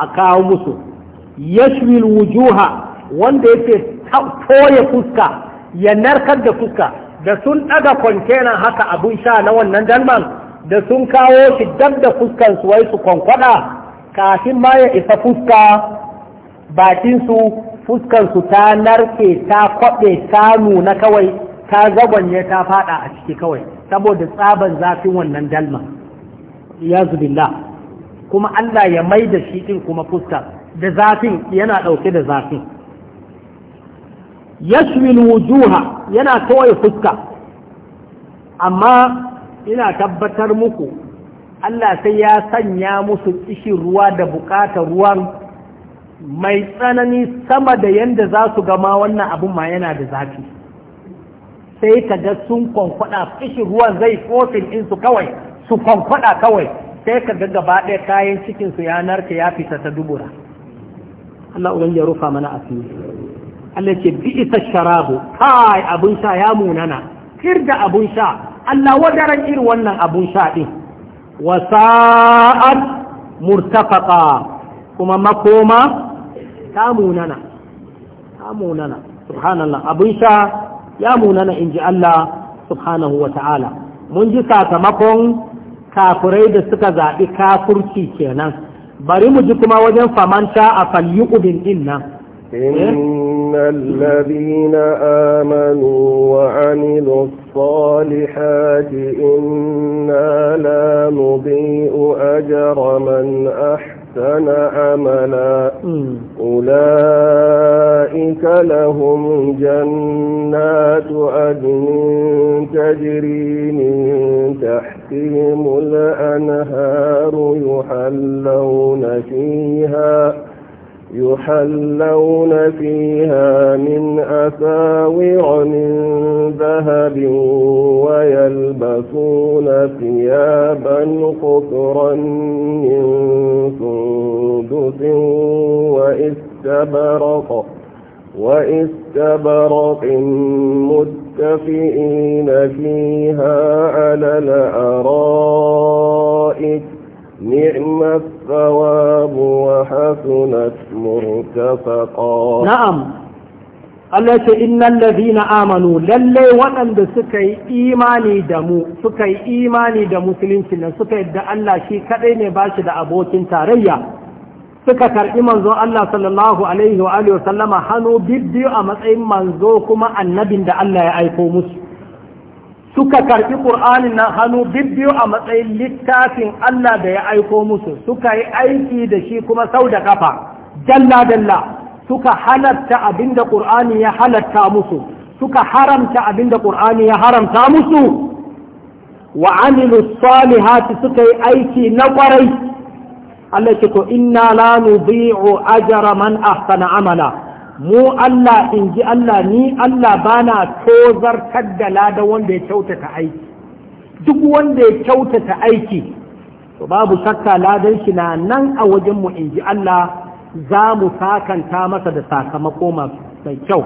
a kawo musu yashwil wujuha wanda yake toye fuska ya narkar da fuska da sun ɗaga kwantenan haka abun sha na wannan dalman da sun kawo shi dab da fuskansu wai su kwankwada kafin ma ya isa fuska batinsu fuskansu ta narke ta kwaɓe ta nuna kawai ta zagwanye ta fada a ciki kawai saboda tsaban zafin wannan dalma ya zubilla kuma Allah ya mai da shi ɗin kuma fuska da zafin yana ɗauke da zafin yashwil wujuha yana kawai fuska amma ina tabbatar muku Allah sai ya sanya musu kishin ruwa da buƙatar ruwan mai tsanani sama da yadda za su gama wannan abun ma yana da zafi sai ka ga sun kwankwada fishin ruwan zai fosin su kawai su kwankwada kawai sai ka ga gaba ɗaya kayan cikinsu ya narka ya fita ta dubura Allah uban ya rufa mana asiri Allah ce bi isa sharabu kai abun sha ya munana kir da abun sha Allah wadaran irin wannan abun sha din wasa'at murtafaqa kuma makoma ta munana ta munana subhanallah abin sha ya munana in ji Allah subhanahu wa ta'ala mun ji sakamakon kafurai da suka zaɓi kafurci kenan bari mu ji kuma wajen famanta a falyuqubin din nan إن الذين آمنوا وعملوا الصالحات إنا لا نضيء أجر من أحسن أحسن عملا أولئك لهم جنات عدن تجري من تحتهم الأنهار يحلون فيها يحلون فيها من أساور من ذهب يلبسون ثيابا خطرا من سندس وإستبرق وإستبرق متفئين فيها على الأرائك نعم الثواب وحسنت مرتفقا نعم Allah ce innal ladhina amanu lallai waɗanda suka yi imani da mu suka yi imani da musulunci nan suka yadda Allah shi kaɗai ne ba shi da abokin tarayya suka karɓi manzo Allah sallallahu alaihi wa sallama hannu bibbiyu a matsayin manzo kuma annabin da Allah ya aiko musu suka karɓi ƙur'anin nan hannu bibbiyu a matsayin littafin Allah da ya aiko musu suka yi aiki da shi kuma sau da kafa dalla dalla suka halatta abinda ƙur'ani ya halatta musu suka haramta abinda ƙur'ani ya haramta musu wa amilu salihati suka yi aiki na kwarai Allah ce ko inna la nudhi'u ajra man ahsana amala mu Allah in ji Allah ni Allah bana tozar da lada wanda ya kyautata aiki duk wanda ya kyautata aiki to babu shakka ladan shi na nan a wajen mu in ji Allah za mu sakanta masa da sakamako masu mai kyau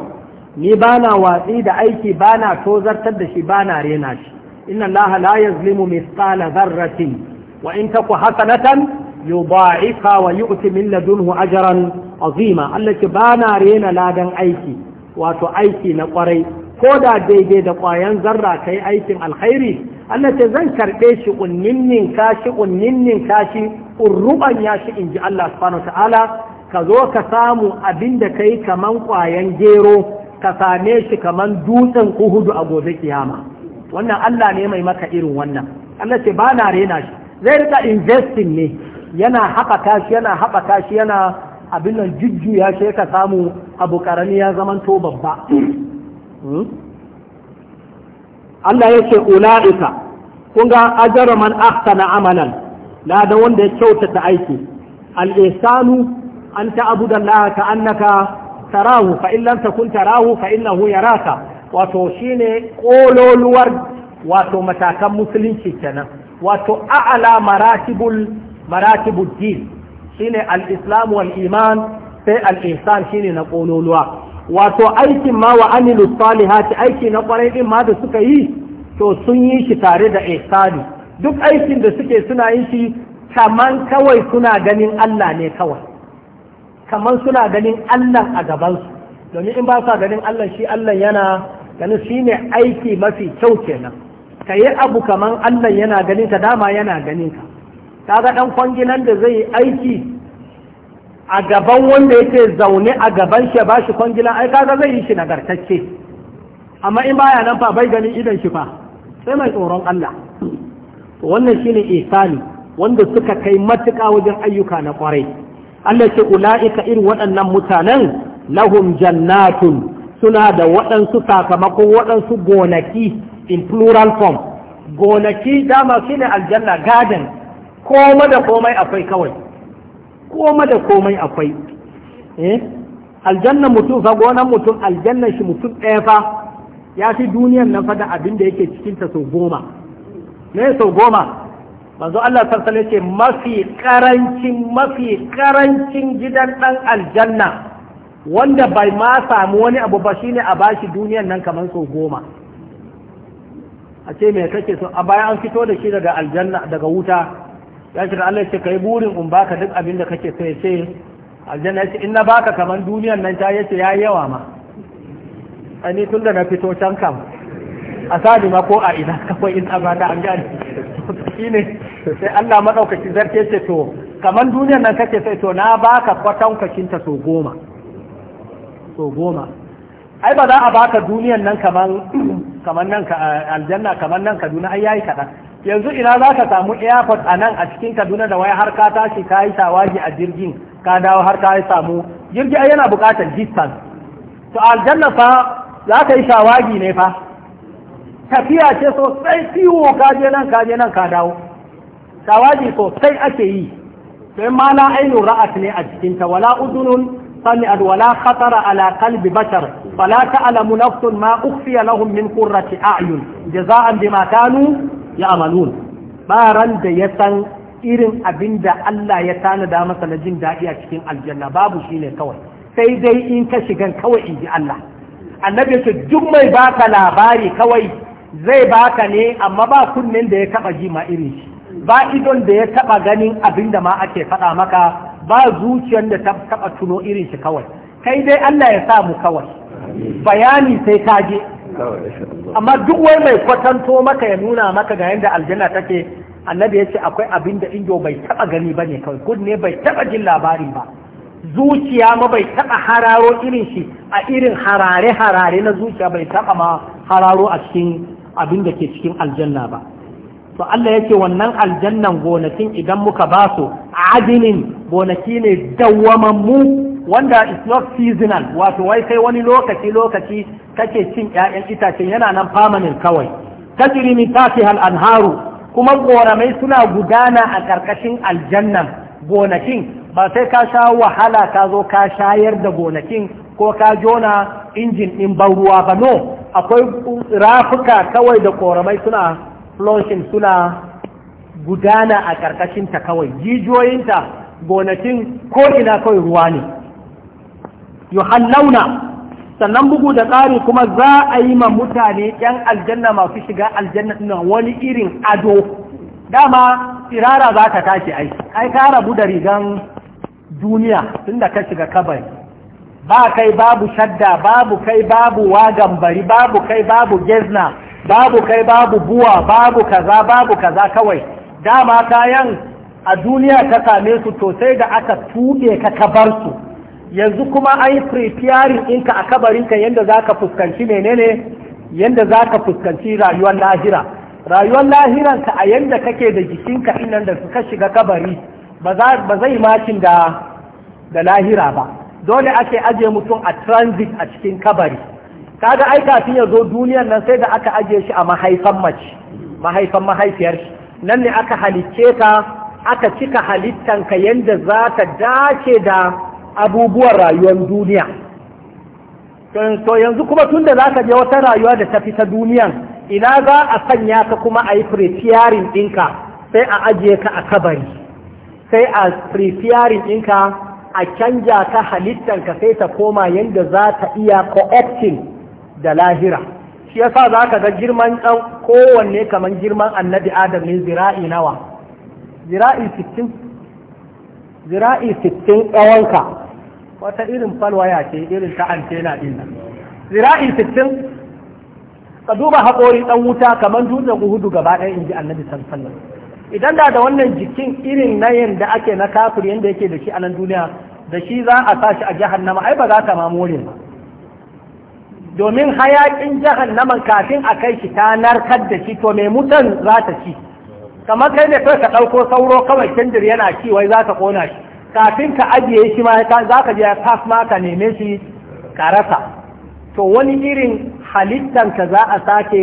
ni ba na watsi da aiki ba na tozartar da shi ba na rena shi inna allaha la yazlimu mithqala dharratin wa in taku hasanatan yudha'ifa wa yu'ti min ladunhu ajran azima Allah ki ba na rena ladan aiki wato aiki na kwarai ko da daidai da kwayan zarra kai aikin alkhairi Allah ce zan karɓe shi unninnin kashi unninnin kashi urruban ya shi in ji Allah subhanahu wa ta'ala ka zo ka samu abinda da ka kaman ƙwayan gero ka same shi kaman dutsen uhudu a gobe kiyama wannan Allah ne mai maka irin wannan Allah ce ba na rena shi zai rika investing ne yana haka kashi yana haɓaka shi yana abin nan jujjuya shi ka samu abu karami ya zamanto babba hmm? Allah ya ce ula'ika kun ga ajara man ahsana amalan da wanda ya kyautata aiki al-ihsanu an ta'budu Allah ka annaka tarahu fa in lam takun tarahu fa innahu yaraka wato shine kololuwar wato matakan musulunci kenan wato a'ala maratibul din shine al-islam wal iman sai al-ihsan shine na kololuwa wato aikin ma wa amilu salihati aiki na kwarai din ma da suka yi to sun yi shi tare da ihsani duk aikin da suke suna yin shi kaman kawai suna ganin Allah ne kawai kaman suna ganin Allah a gabansu domin in ba sa ganin Allah shi Allah yana ganin shi ne aiki mafi kyau kenan ka yi abu kaman Allah yana ganin ka dama yana ganin ka ga dan kwangilan da zai aiki a gaban wanda yake zaune a gaban shi ba shi kwangilan ai kaga zai yi shi nagartacce amma in baya nan fa bai ganin idan shi fa sai mai tsoron Allah to wannan shine isali wanda suka kai matuƙa wajen ayyuka na kwarai Allah ce ula'ika irin waɗannan mutanen lahum jannatun suna da waɗansu sakamakon waɗansu gonaki in plural form gonaki dama shine aljanna garden koma da komai akwai kawai koma da komai akwai eh aljanna mutum fa gonan mutum aljanna shi mutum ɗaya fa ya fi duniyan nan fada abin da yake cikinta sau goma ne sau goma manzo Allah sarsala ce mafi karancin mafi karancin gidan ɗan aljanna wanda bai ma samu wani abu ba shine a bashi duniyan nan kamar sau goma a ce me kake so a bayan an fito da shi daga aljanna daga wuta ya ce Allah ce kai burin in baka duk abin da kake so ya ce aljanna ya ce in na baka kamar duniyan nan ta yace yayi yawa ma a ni tun da na fito can kam a sani ma ko a ina <laughs> kawai in ba da an gane <laughs> shi ne sai Allah maɗaukaci zarke ce to kamar duniyar nan kake sai to na baka kwatankwacin ta so goma so goma ai ba za a baka duniyar nan kamar <clears throat> kamar nan ka aljanna kamar nan Kaduna ai yayi kaɗan yanzu ina za ka samu airport a nan a cikin Kaduna da waya har ka tashi ka yi tawaji a jirgin ka dawo har ka yi samu jirgi ai yana buƙatar distance to aljanna fa za ka yi shawagi ne fa tafiya ce sosai ciwo kaje nan kaje nan ka dawo shawagi sosai ake yi sai ma na ainu ra'at ne a cikinta wala udunun sami'at wala khatara ala qalbi bashar fala ta'lamu nafsun ma ukhfiya lahum min qurrati a'yun jaza'an bima kanu ya'malun ba ran da ya san irin abin da Allah ya tanada masa na jin daɗi a cikin aljanna babu shine kawai sai dai in ka shigan kawai in ji Allah annabi ce duk mai baka labari kawai zai baka ne amma ba kunnen da ya taba ji ma irin shi ba idon da ya taba ganin abin da ma ake faɗa maka ba zuciyar da ta taba tuno irin shi kawai kai dai Allah ya sa mu kawai bayani sai ka je amma duk wai mai kwatanto maka ya nuna maka ga yadda aljanna take annabi ya ce akwai abin da indo bai taba gani ba ne kawai kunne bai taba jin labarin ba zuciya ma bai taɓa hararo irin shi a irin harare-harare na zuciya bai taɓa ma hararo a cikin abin da ke cikin aljanna ba to Allah yake wannan aljannan gonakin idan muka ba su adinin gonaki ne dawwamammu wanda is not seasonal wato wai kai wani lokaci lokaci kake cin ya'yan itacen yana nan famanin kawai tajri min tahtiha anharu kuma goramai suna gudana a ƙarƙashin aljannan gonakin ba sai ka sha wahala ka zo ka shayar da gonakin ko ka jona injin din ban ruwa ba no akwai rafuka kawai da koramai suna flushing suna gudana a ƙarƙashinta kawai jijiyoyinta gonakin ko ina kawai ruwa ne yuhallauna sannan bugu da tsari kuma za a yi ma mutane ‘yan aljanna masu shiga aljanna na wani irin ado dama tsirara za ta tashi ai ai ka rabu da rigan duniya tunda ka shiga kabari ba kai babu shadda babu kai babu wagan bari babu kai babu gezna babu kai babu buwa babu kaza babu kaza kawai dama kayan a duniya ta same su to sai da aka tuɗe ka kabar su yanzu kuma ai preparing ɗinka a kabarinka yadda za ka fuskanci menene yadda za ka fuskanci rayuwar lahira rayuwar lahiranka a yadda kake da jikinka inan da suka shiga kabari ba zai makin da da lahira ba dole ake ajiye mutum a transit a cikin kabari kaga ai kafin ya zo duniyar nan sai da aka ajiye shi a mahaifan mace mahaifan mahaifiyar shi nan ne aka halicce ka aka cika halittanka yadda za ka dace da abubuwan rayuwar duniya to yanzu kuma tun da za ka je wata rayuwa da ta fi ta duniyan ina za a sanya ka kuma a yi ɗinka sai a ajiye ka a kabari sai a preparing ɗinka a canja ta halittanka sai ta koma yadda za ta iya co-opting da lahira shi ya sa za ka ga girman ɗan kowanne kamar girman annabi adam ne zira'i nawa zira'i 60 zira'i sittin, tsawonka wata irin falwaya ce irin ta antena ɗin nan zira'i 60 ka duba haƙori ɗan wuta kamar dutsen uhudu gaba ɗaya in ji annabi sallallahu idan da da wannan jikin irin na yadda ake na kafir yadda yake da shi a nan duniya da shi za a tashi a jahannama ai ba za ka ma more ba domin hayakin jahannaman kafin a kai shi ta narkar da shi to mai mutan za ta ci kamar kai ne kai ka ɗauko sauro kawai kendir yana ci wai za ka ƙona shi kafin ka ajiye shi ma za ka je pass ma ka neme shi ka rasa to wani irin halittanka za a sake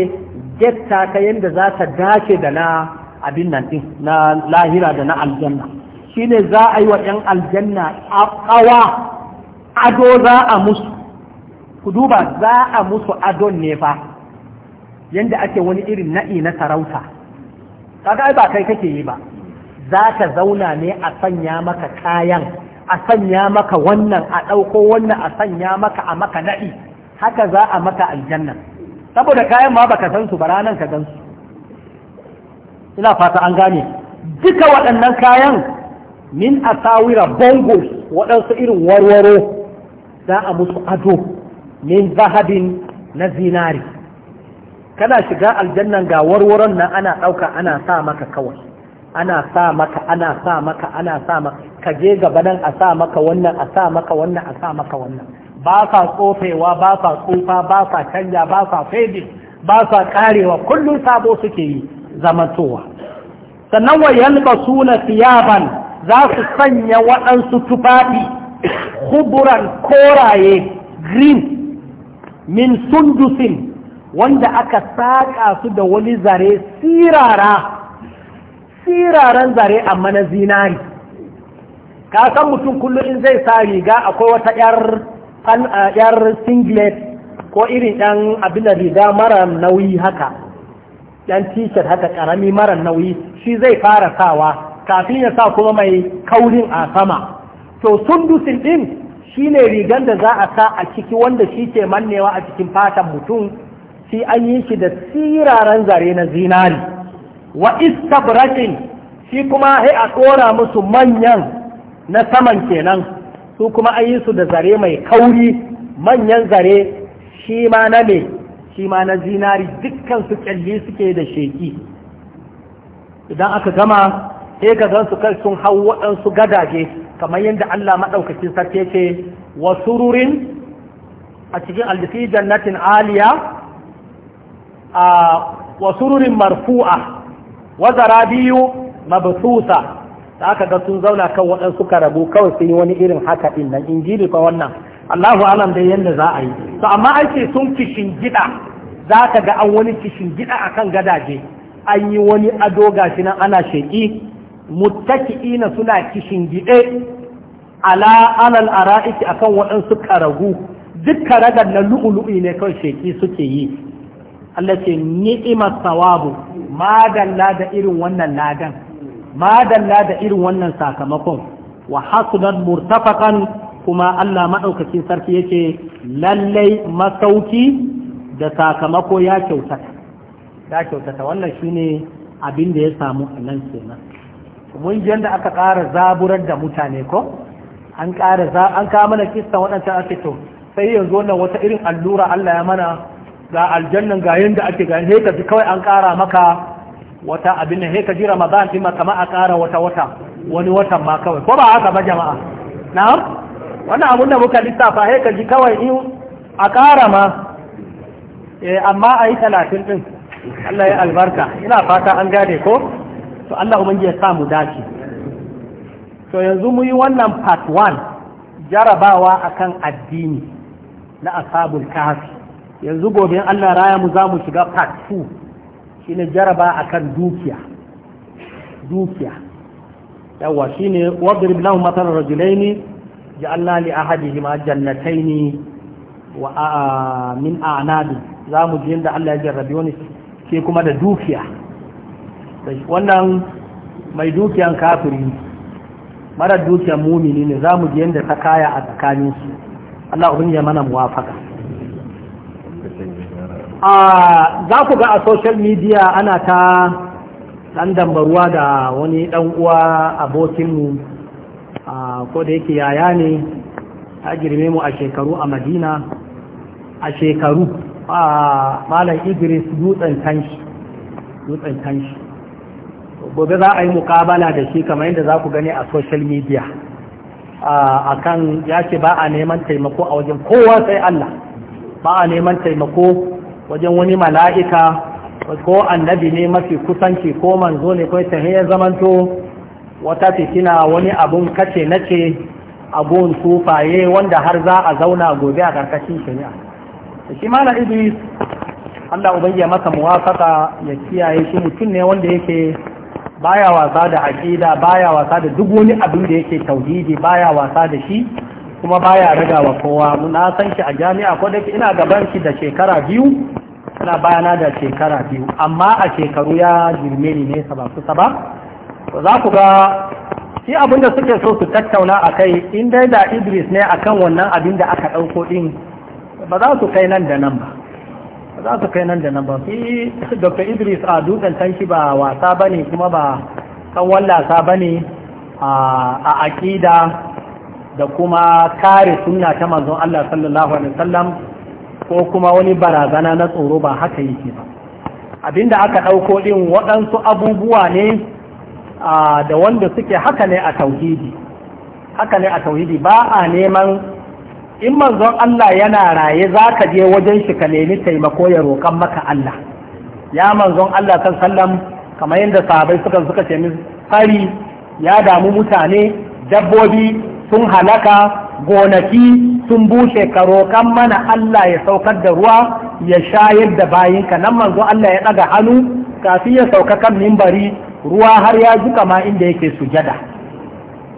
getta ka yadda za ta dace da na abin nan din na lahira da na aljanna shine za a yi wa ɗan aljanna a ƙawa ado za a musu ku duba za a musu adon ne fa Yadda ake wani irin na'i na sarauta kaga ba kai kake yi ba za ka zauna ne a sanya maka kayan a sanya maka wannan a ɗauko wannan a sanya maka a maka na'i haka za a maka aljanna saboda kayan ma baka san su ba ranar ka gan ina fata an gane duka waɗannan kayan min asawira bongo waɗansu irin warwaro za a musu ado min zahabin na zinari kana shiga aljannan ga warwaron nan ana ɗauka ana sa maka kawai ana sa maka ana sa maka ana sa maka ka je gaba nan a sa maka wannan a sa maka wannan a sa maka wannan ba sa tsofewa ba sa tsufa ba sa canja ba sa fedi ba sa karewa kullum sabo suke yi zamantowa sannan wa yalbasuna siyaban za su sanya waɗansu tufafi huburan koraye green min sundusin wanda aka saƙa su da wani zare sirara siraran zare amma na zinari ka san mutum kullum in zai sa riga akwai wata yar singlet ko irin ɗan abin da riga mara nauyi haka ɗan t haka ƙarami mara nauyi shi zai fara sawa kafin ya sa kuma mai kaurin a sama to sundusin ɗin shi ne rigar da za a sa a ciki wanda shi ke mannewa a cikin fatan mutum shi an yi shi da siraran zare na zinari wa istabrakin shi kuma sai a ɗora musu manyan na saman kenan su kuma an yi su da zare mai kauri manyan zare shi ma na ne shi ma na zinari dukkan su kyalli suke da sheki idan aka gama sai ga kai sun hau waɗansu gadaje kamar yadda Allah maɗaukacin sarki ce wa sururin a cikin aljifi jannatin aliya a wa sururin marfu'a wa zarabiyu mabsusa da aka ga sun zauna kan waɗansu karabu kawai sun yi wani irin haka din nan injili fa wannan Allahu alam dai yadda za a yi to amma ake sun kishin gida za ka ga an wani kishin gida a kan gadaje an yi wani ado gashi nan ana sheƙi muttaki'ina suna kishin gide ala alal ara'iki akan waɗansu karagu duk karagar na lu'ulu'i ne kawai sheƙi suke yi Allah ce ni'imar sawabu madalla da irin wannan ladan madalla da irin wannan sakamakon wa hasudan murtafakan kuma Allah maɗaukakin sarki yake lallai masauki da sakamako ya kyautata ya kyautata wannan shine abin da ya samu a nan kenan mun ji yadda aka ƙara zaburar da mutane ko an ƙara za an kawo mana kistan waɗancan ake to sai yanzu wannan wata irin allura Allah ya mana ga aljannan ga yanda ake ga he ka ji kawai an ƙara maka wata abin nan he ka ji Ramadan din ma kamar a ƙara wata wata wani watan ma kawai ko ba haka ba jama'a na'am wannan abun da muka lissafa he ka ji kawai in a ƙara ma Eh, amma ayi yi talatin ɗin Allah ya albarka ina fata an gane ko to Allah ubangi ya samu dace to yanzu mu yi wannan part 1 jarabawa akan addini na asabul kahfi yanzu gobe Allah raya mu za mu shiga part 2 shine jaraba akan dukiya dukiya yawa shine wadrib lahum matalan rajulaini ja'alna li ahadihima jannatayn wa min a'nabin za mu ji yadda Allah ya jarrabe wani ke kuma da dukiya wannan mai dukiyan kafiri mara dukiyan mumini ne za mu ji yadda ta kaya a tsakanin su Allah ubin ya mana muwafaka a za ku ga a social media ana ta dan dambaruwa da wani dan uwa abokinmu ko da yake yaya ne ta girme mu a shekaru a madina a shekaru malam idris dutsen kanshi dutsen kanshi gobe za a yi mukabala da shi kamar yadda za ku gani a social media a kan ya ce ba a neman taimako a wajen kowa sai Allah ba a neman taimako wajen wani mala'ika ko annabi ne mafi kusanci ko manzo ne ko ta ya zamanto wata fitina wani abun kace nace abun tufaye wanda har za a zauna gobe a karkashin shari'a shi malam idris Allah ubangiya masa muwafaka ya kiyaye shi mutum ne wanda yake baya wasa da aqida baya wasa da duk wani abin da yake tauhidi baya wasa da shi kuma baya raga wa kowa na san shi a jami'a ko da ina gaban shi da shekara biyu ina bayana da shekara biyu amma a shekaru ya girme ni ne saba kusa ba za ku ga shi abin da suke so su tattauna a kai in dai da idris ne akan wannan abin da aka ɗauko ɗin ba za su kai nan da nan ba ba za su kai nan da nan ba fi dr idris a dutsen tanki ba wasa ba ne kuma ba kan wallasa ba ne a aƙida da kuma kare suna ta manzon Allah sallallahu alaihi wasallam ko kuma wani barazana na tsoro ba haka yake ba abinda aka ɗauko ɗin waɗansu abubuwa ne da wanda suke haka ne a tauhidi haka ne a tauhidi ba a neman in manzon Allah yana raye za ka je wajen shi ka nemi taimako ya roƙan maka Allah ya manzon Allah kan sallam kamar yadda sahabai suka suka ce fari ya damu mutane dabbobi sun halaka gonaki sun bushe ka roƙan mana Allah ya saukar da ruwa ya shayar da bayinka nan manzon Allah ya ɗaga hannu kafin ya sauka kan mimbari ruwa har ya ji ma inda yake sujada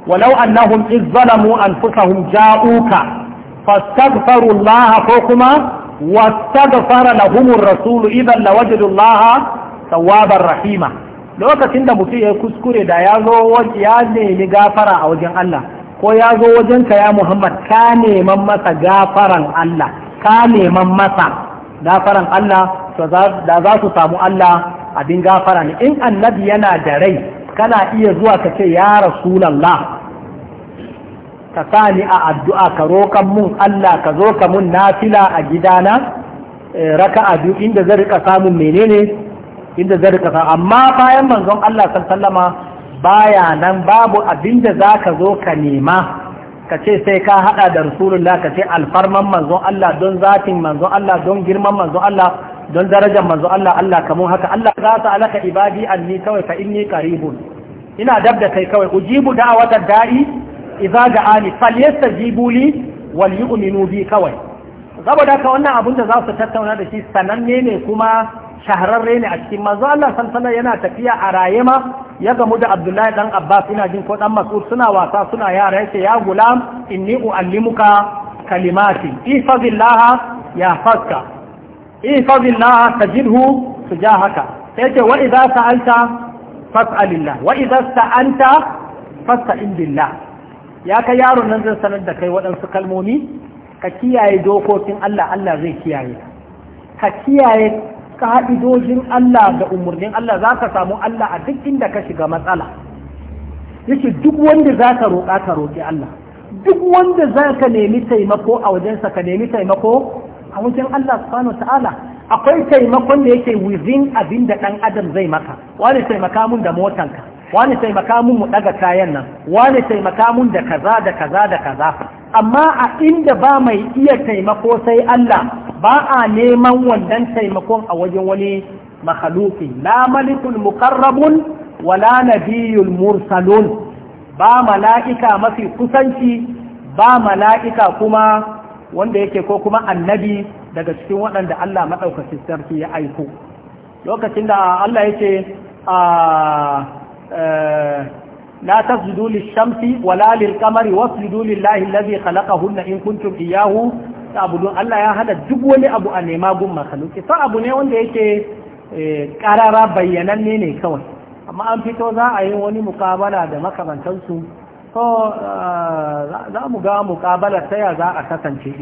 walau annahum iz zalamu anfusahum ja'uka fastaghfaru Allah ko kuma wastaghfara lahum ar-rasul idan lawajadu rahima lokacin da mutum ya kuskure da ya zo ya nemi gafara a wajen Allah ko ya zo wajen ka ya Muhammad ka neman masa gafaran Allah ka neman masa gafaran Allah da za su samu Allah abin gafara ne in annabi yana da rai kana iya zuwa ka ce ya rasulallah ka sa ni a addu'a ka roƙan mun Allah ka zo ka mun nafila a gidana eh, raka a duk inda zai rika samun menene inda zai rika samun amma bayan manzon Allah sallama baya nan babu abinda za ka zo ka nema ka ce sai ka hada da rasulullah ka ce alfarman manzon Allah don zatin manzon Allah don girman manzon Allah don darajar manzon Allah Allah kamun haka Allah za ta alaka ibadi anni kawai fa inni qaribun ina dab da kai kawai ujibu da'awata da'i idza da'ani falyastajibu jibuli wal uminu bi kawai saboda haka wannan abun da za su tattauna da shi sananne ne kuma shahararre ne a cikin manzo Allah yana tafiya a raye ma ya gamu da Abdullahi dan Abbas ina jin ko dan Mas'ud suna wasa suna yara yace ya gulam inni uallimuka kalimati ihfazillaha yahfazka ihfazillaha tajidhu tujahaka yace wa idza sa'alta fas'alillah wa idza sta'anta fasta'in billah ya ka yaron nan zai sanar da kai waɗansu kalmomi ka kiyaye dokokin Allah Allah zai kiyaye ka kiyaye ka'idojin Allah da umarnin Allah za ka samu Allah a duk inda ka shiga matsala yake duk wanda za ka roƙa ka roƙi Allah duk wanda za ka nemi taimako a wajensa ka nemi taimako a wajen Allah subhanahu ta'ala akwai taimakon da yake within abin da ɗan adam zai maka wani taimaka mun da motanka wani taimaka mun mu daga kayan nan wani taimaka mun da kaza da kaza da kaza amma a inda ba mai iya taimako sai Allah ba a neman wannan taimakon a wajen wani makhluki la malikul muqarrabun wala nabiyul mursalun ba mala'ika mafi kusanci ba mala'ika kuma wanda yake ko kuma annabi daga cikin waɗanda Allah madaukakin sarki ya aiko lokacin da Allah yake a ah, لا تسجدوا للشمس ولا للقمر واسجدوا لله الذي خلقهن in كنتم اياه تعبدون Allah ya hada duk wani abu a nema gun makhluki fa abu ne wanda yake karara bayyananne ne kawai amma an fito za a yi wani mukabala da su to za mu ga mukabala sai za a kasance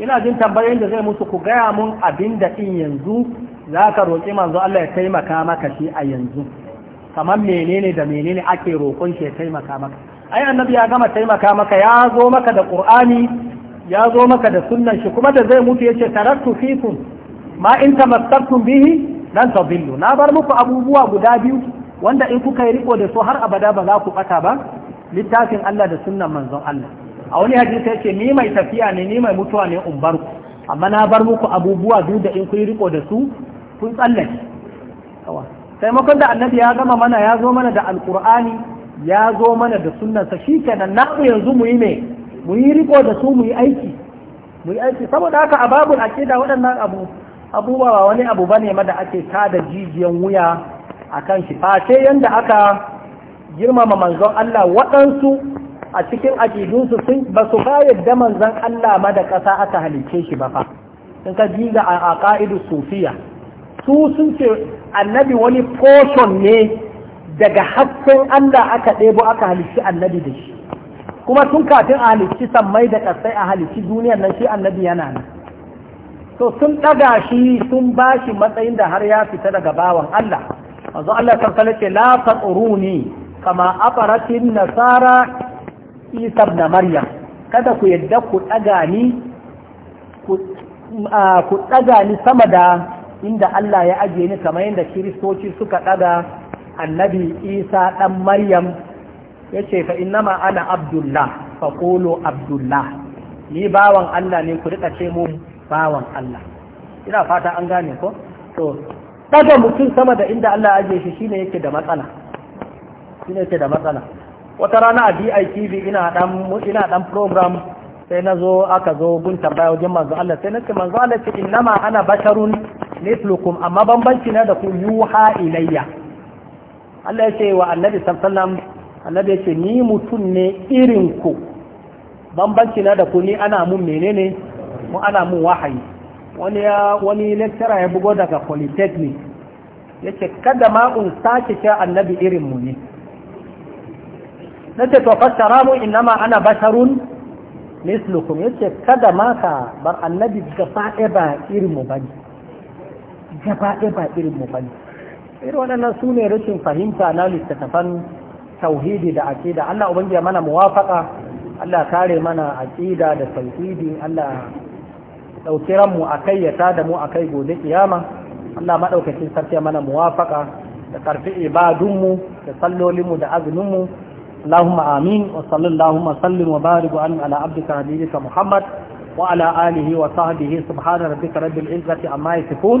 ina jin tambayoyin da zai musu ku gaya mun abin da in yanzu za ka roƙi manzo Allah ya taimaka maka shi a yanzu kamar menene da menene ake roƙon shi ya taimaka maka ai annabi ya gama taimaka maka ya zo maka da qur'ani ya zo maka da sunnan shi kuma da zai mutu yace taraktu fikum ma in tamassaktum bihi lan tadillu na bar muku abubuwa guda biyu wanda in kuka yi riko da su har abada ba za ku bata ba littafin Allah da sunnan manzon Allah a wani hadisi yace ni mai tafiya ne ni mai mutuwa ne in bar ku amma na bar muku abubuwa biyu da in kuyi yi riko da su kun tsallake taimakon da annabi ya gama mana ya zo mana da alkur'ani ya zo mana da sunnansa shi kenan na yanzu mu yi me mu yi riko da su mu yi aiki mu yi aiki saboda haka a babu aqida waɗannan abu abubuwa ba wani abu bane ma da ake tada jijiyan wuya akan shi face yanda aka girmama manzon Allah waɗansu a cikin aƙidunsu sun ba su ba yadda manzon Allah ma da ƙasa aka halice shi ba fa sun ka ji a ƙa'idu sufiya su sun ce annabi wani portion ne daga hasken Allah aka ɗebo aka halicci annabi da shi kuma tun kafin a halicci sammai da ƙasai a halicci duniyar nan shi annabi yana nan to sun ɗaga shi sun ba shi matsayin da har ya fita daga bawan Allah manzo Allah sarkala ce la taquruni kama afaratin nasara isa na maryam kada ku yadda ku ɗaga ah, ku ɗaga ni sama da inda Allah ya ajiye ni kamar yadda kiristoci suka ɗaga annabi isa ɗan maryam ya ce fa innama ana abdullah fa kolo abdullah ni bawan Allah ne ku riƙa ce mu bawan Allah ina fata an gane ko to ɗaga mutum sama da inda Allah ajiye shi shine yake da matsala shine yake da matsala wata rana a DITV ina dan ina dan program sai na zo aka zo gun tambaya wajen manzo Allah sai na ce manzo Allah ce innama ana basharun mislukum amma bambanci na da ku yuha ilayya Allah ya ce wa annabi sallallahu annabi ya ce ni mutum ne irin ku bambanci na da ku ni ana mun menene mu ana mun wahayi wani ya wani lecturer ya bugo daga polytechnic yace kada ma un sake ce annabi irin mu ne nace to fassara mu innama ana basharun mislukum yace kada ma ka bar annabi gaba ɗaya ba irin mu bane gaba ɗaya ba irin mu bane irin waɗannan su ne rashin fahimta na littattafan tauhidi da aqida Allah ubangi ya mana muwafaqa Allah kare mana aqida da tauhidi Allah dauki mu akai ya tada mu akai gobe kiyama Allah madaukakin sarki mana muwafaqa da karfi mu da sallolinmu da azuminmu اللهم آمين وصلى اللهم سلم وبارك وأن على عبدك نبيك محمد وعلى آله وصحبه سبحان ربك رب العزة عما يصفون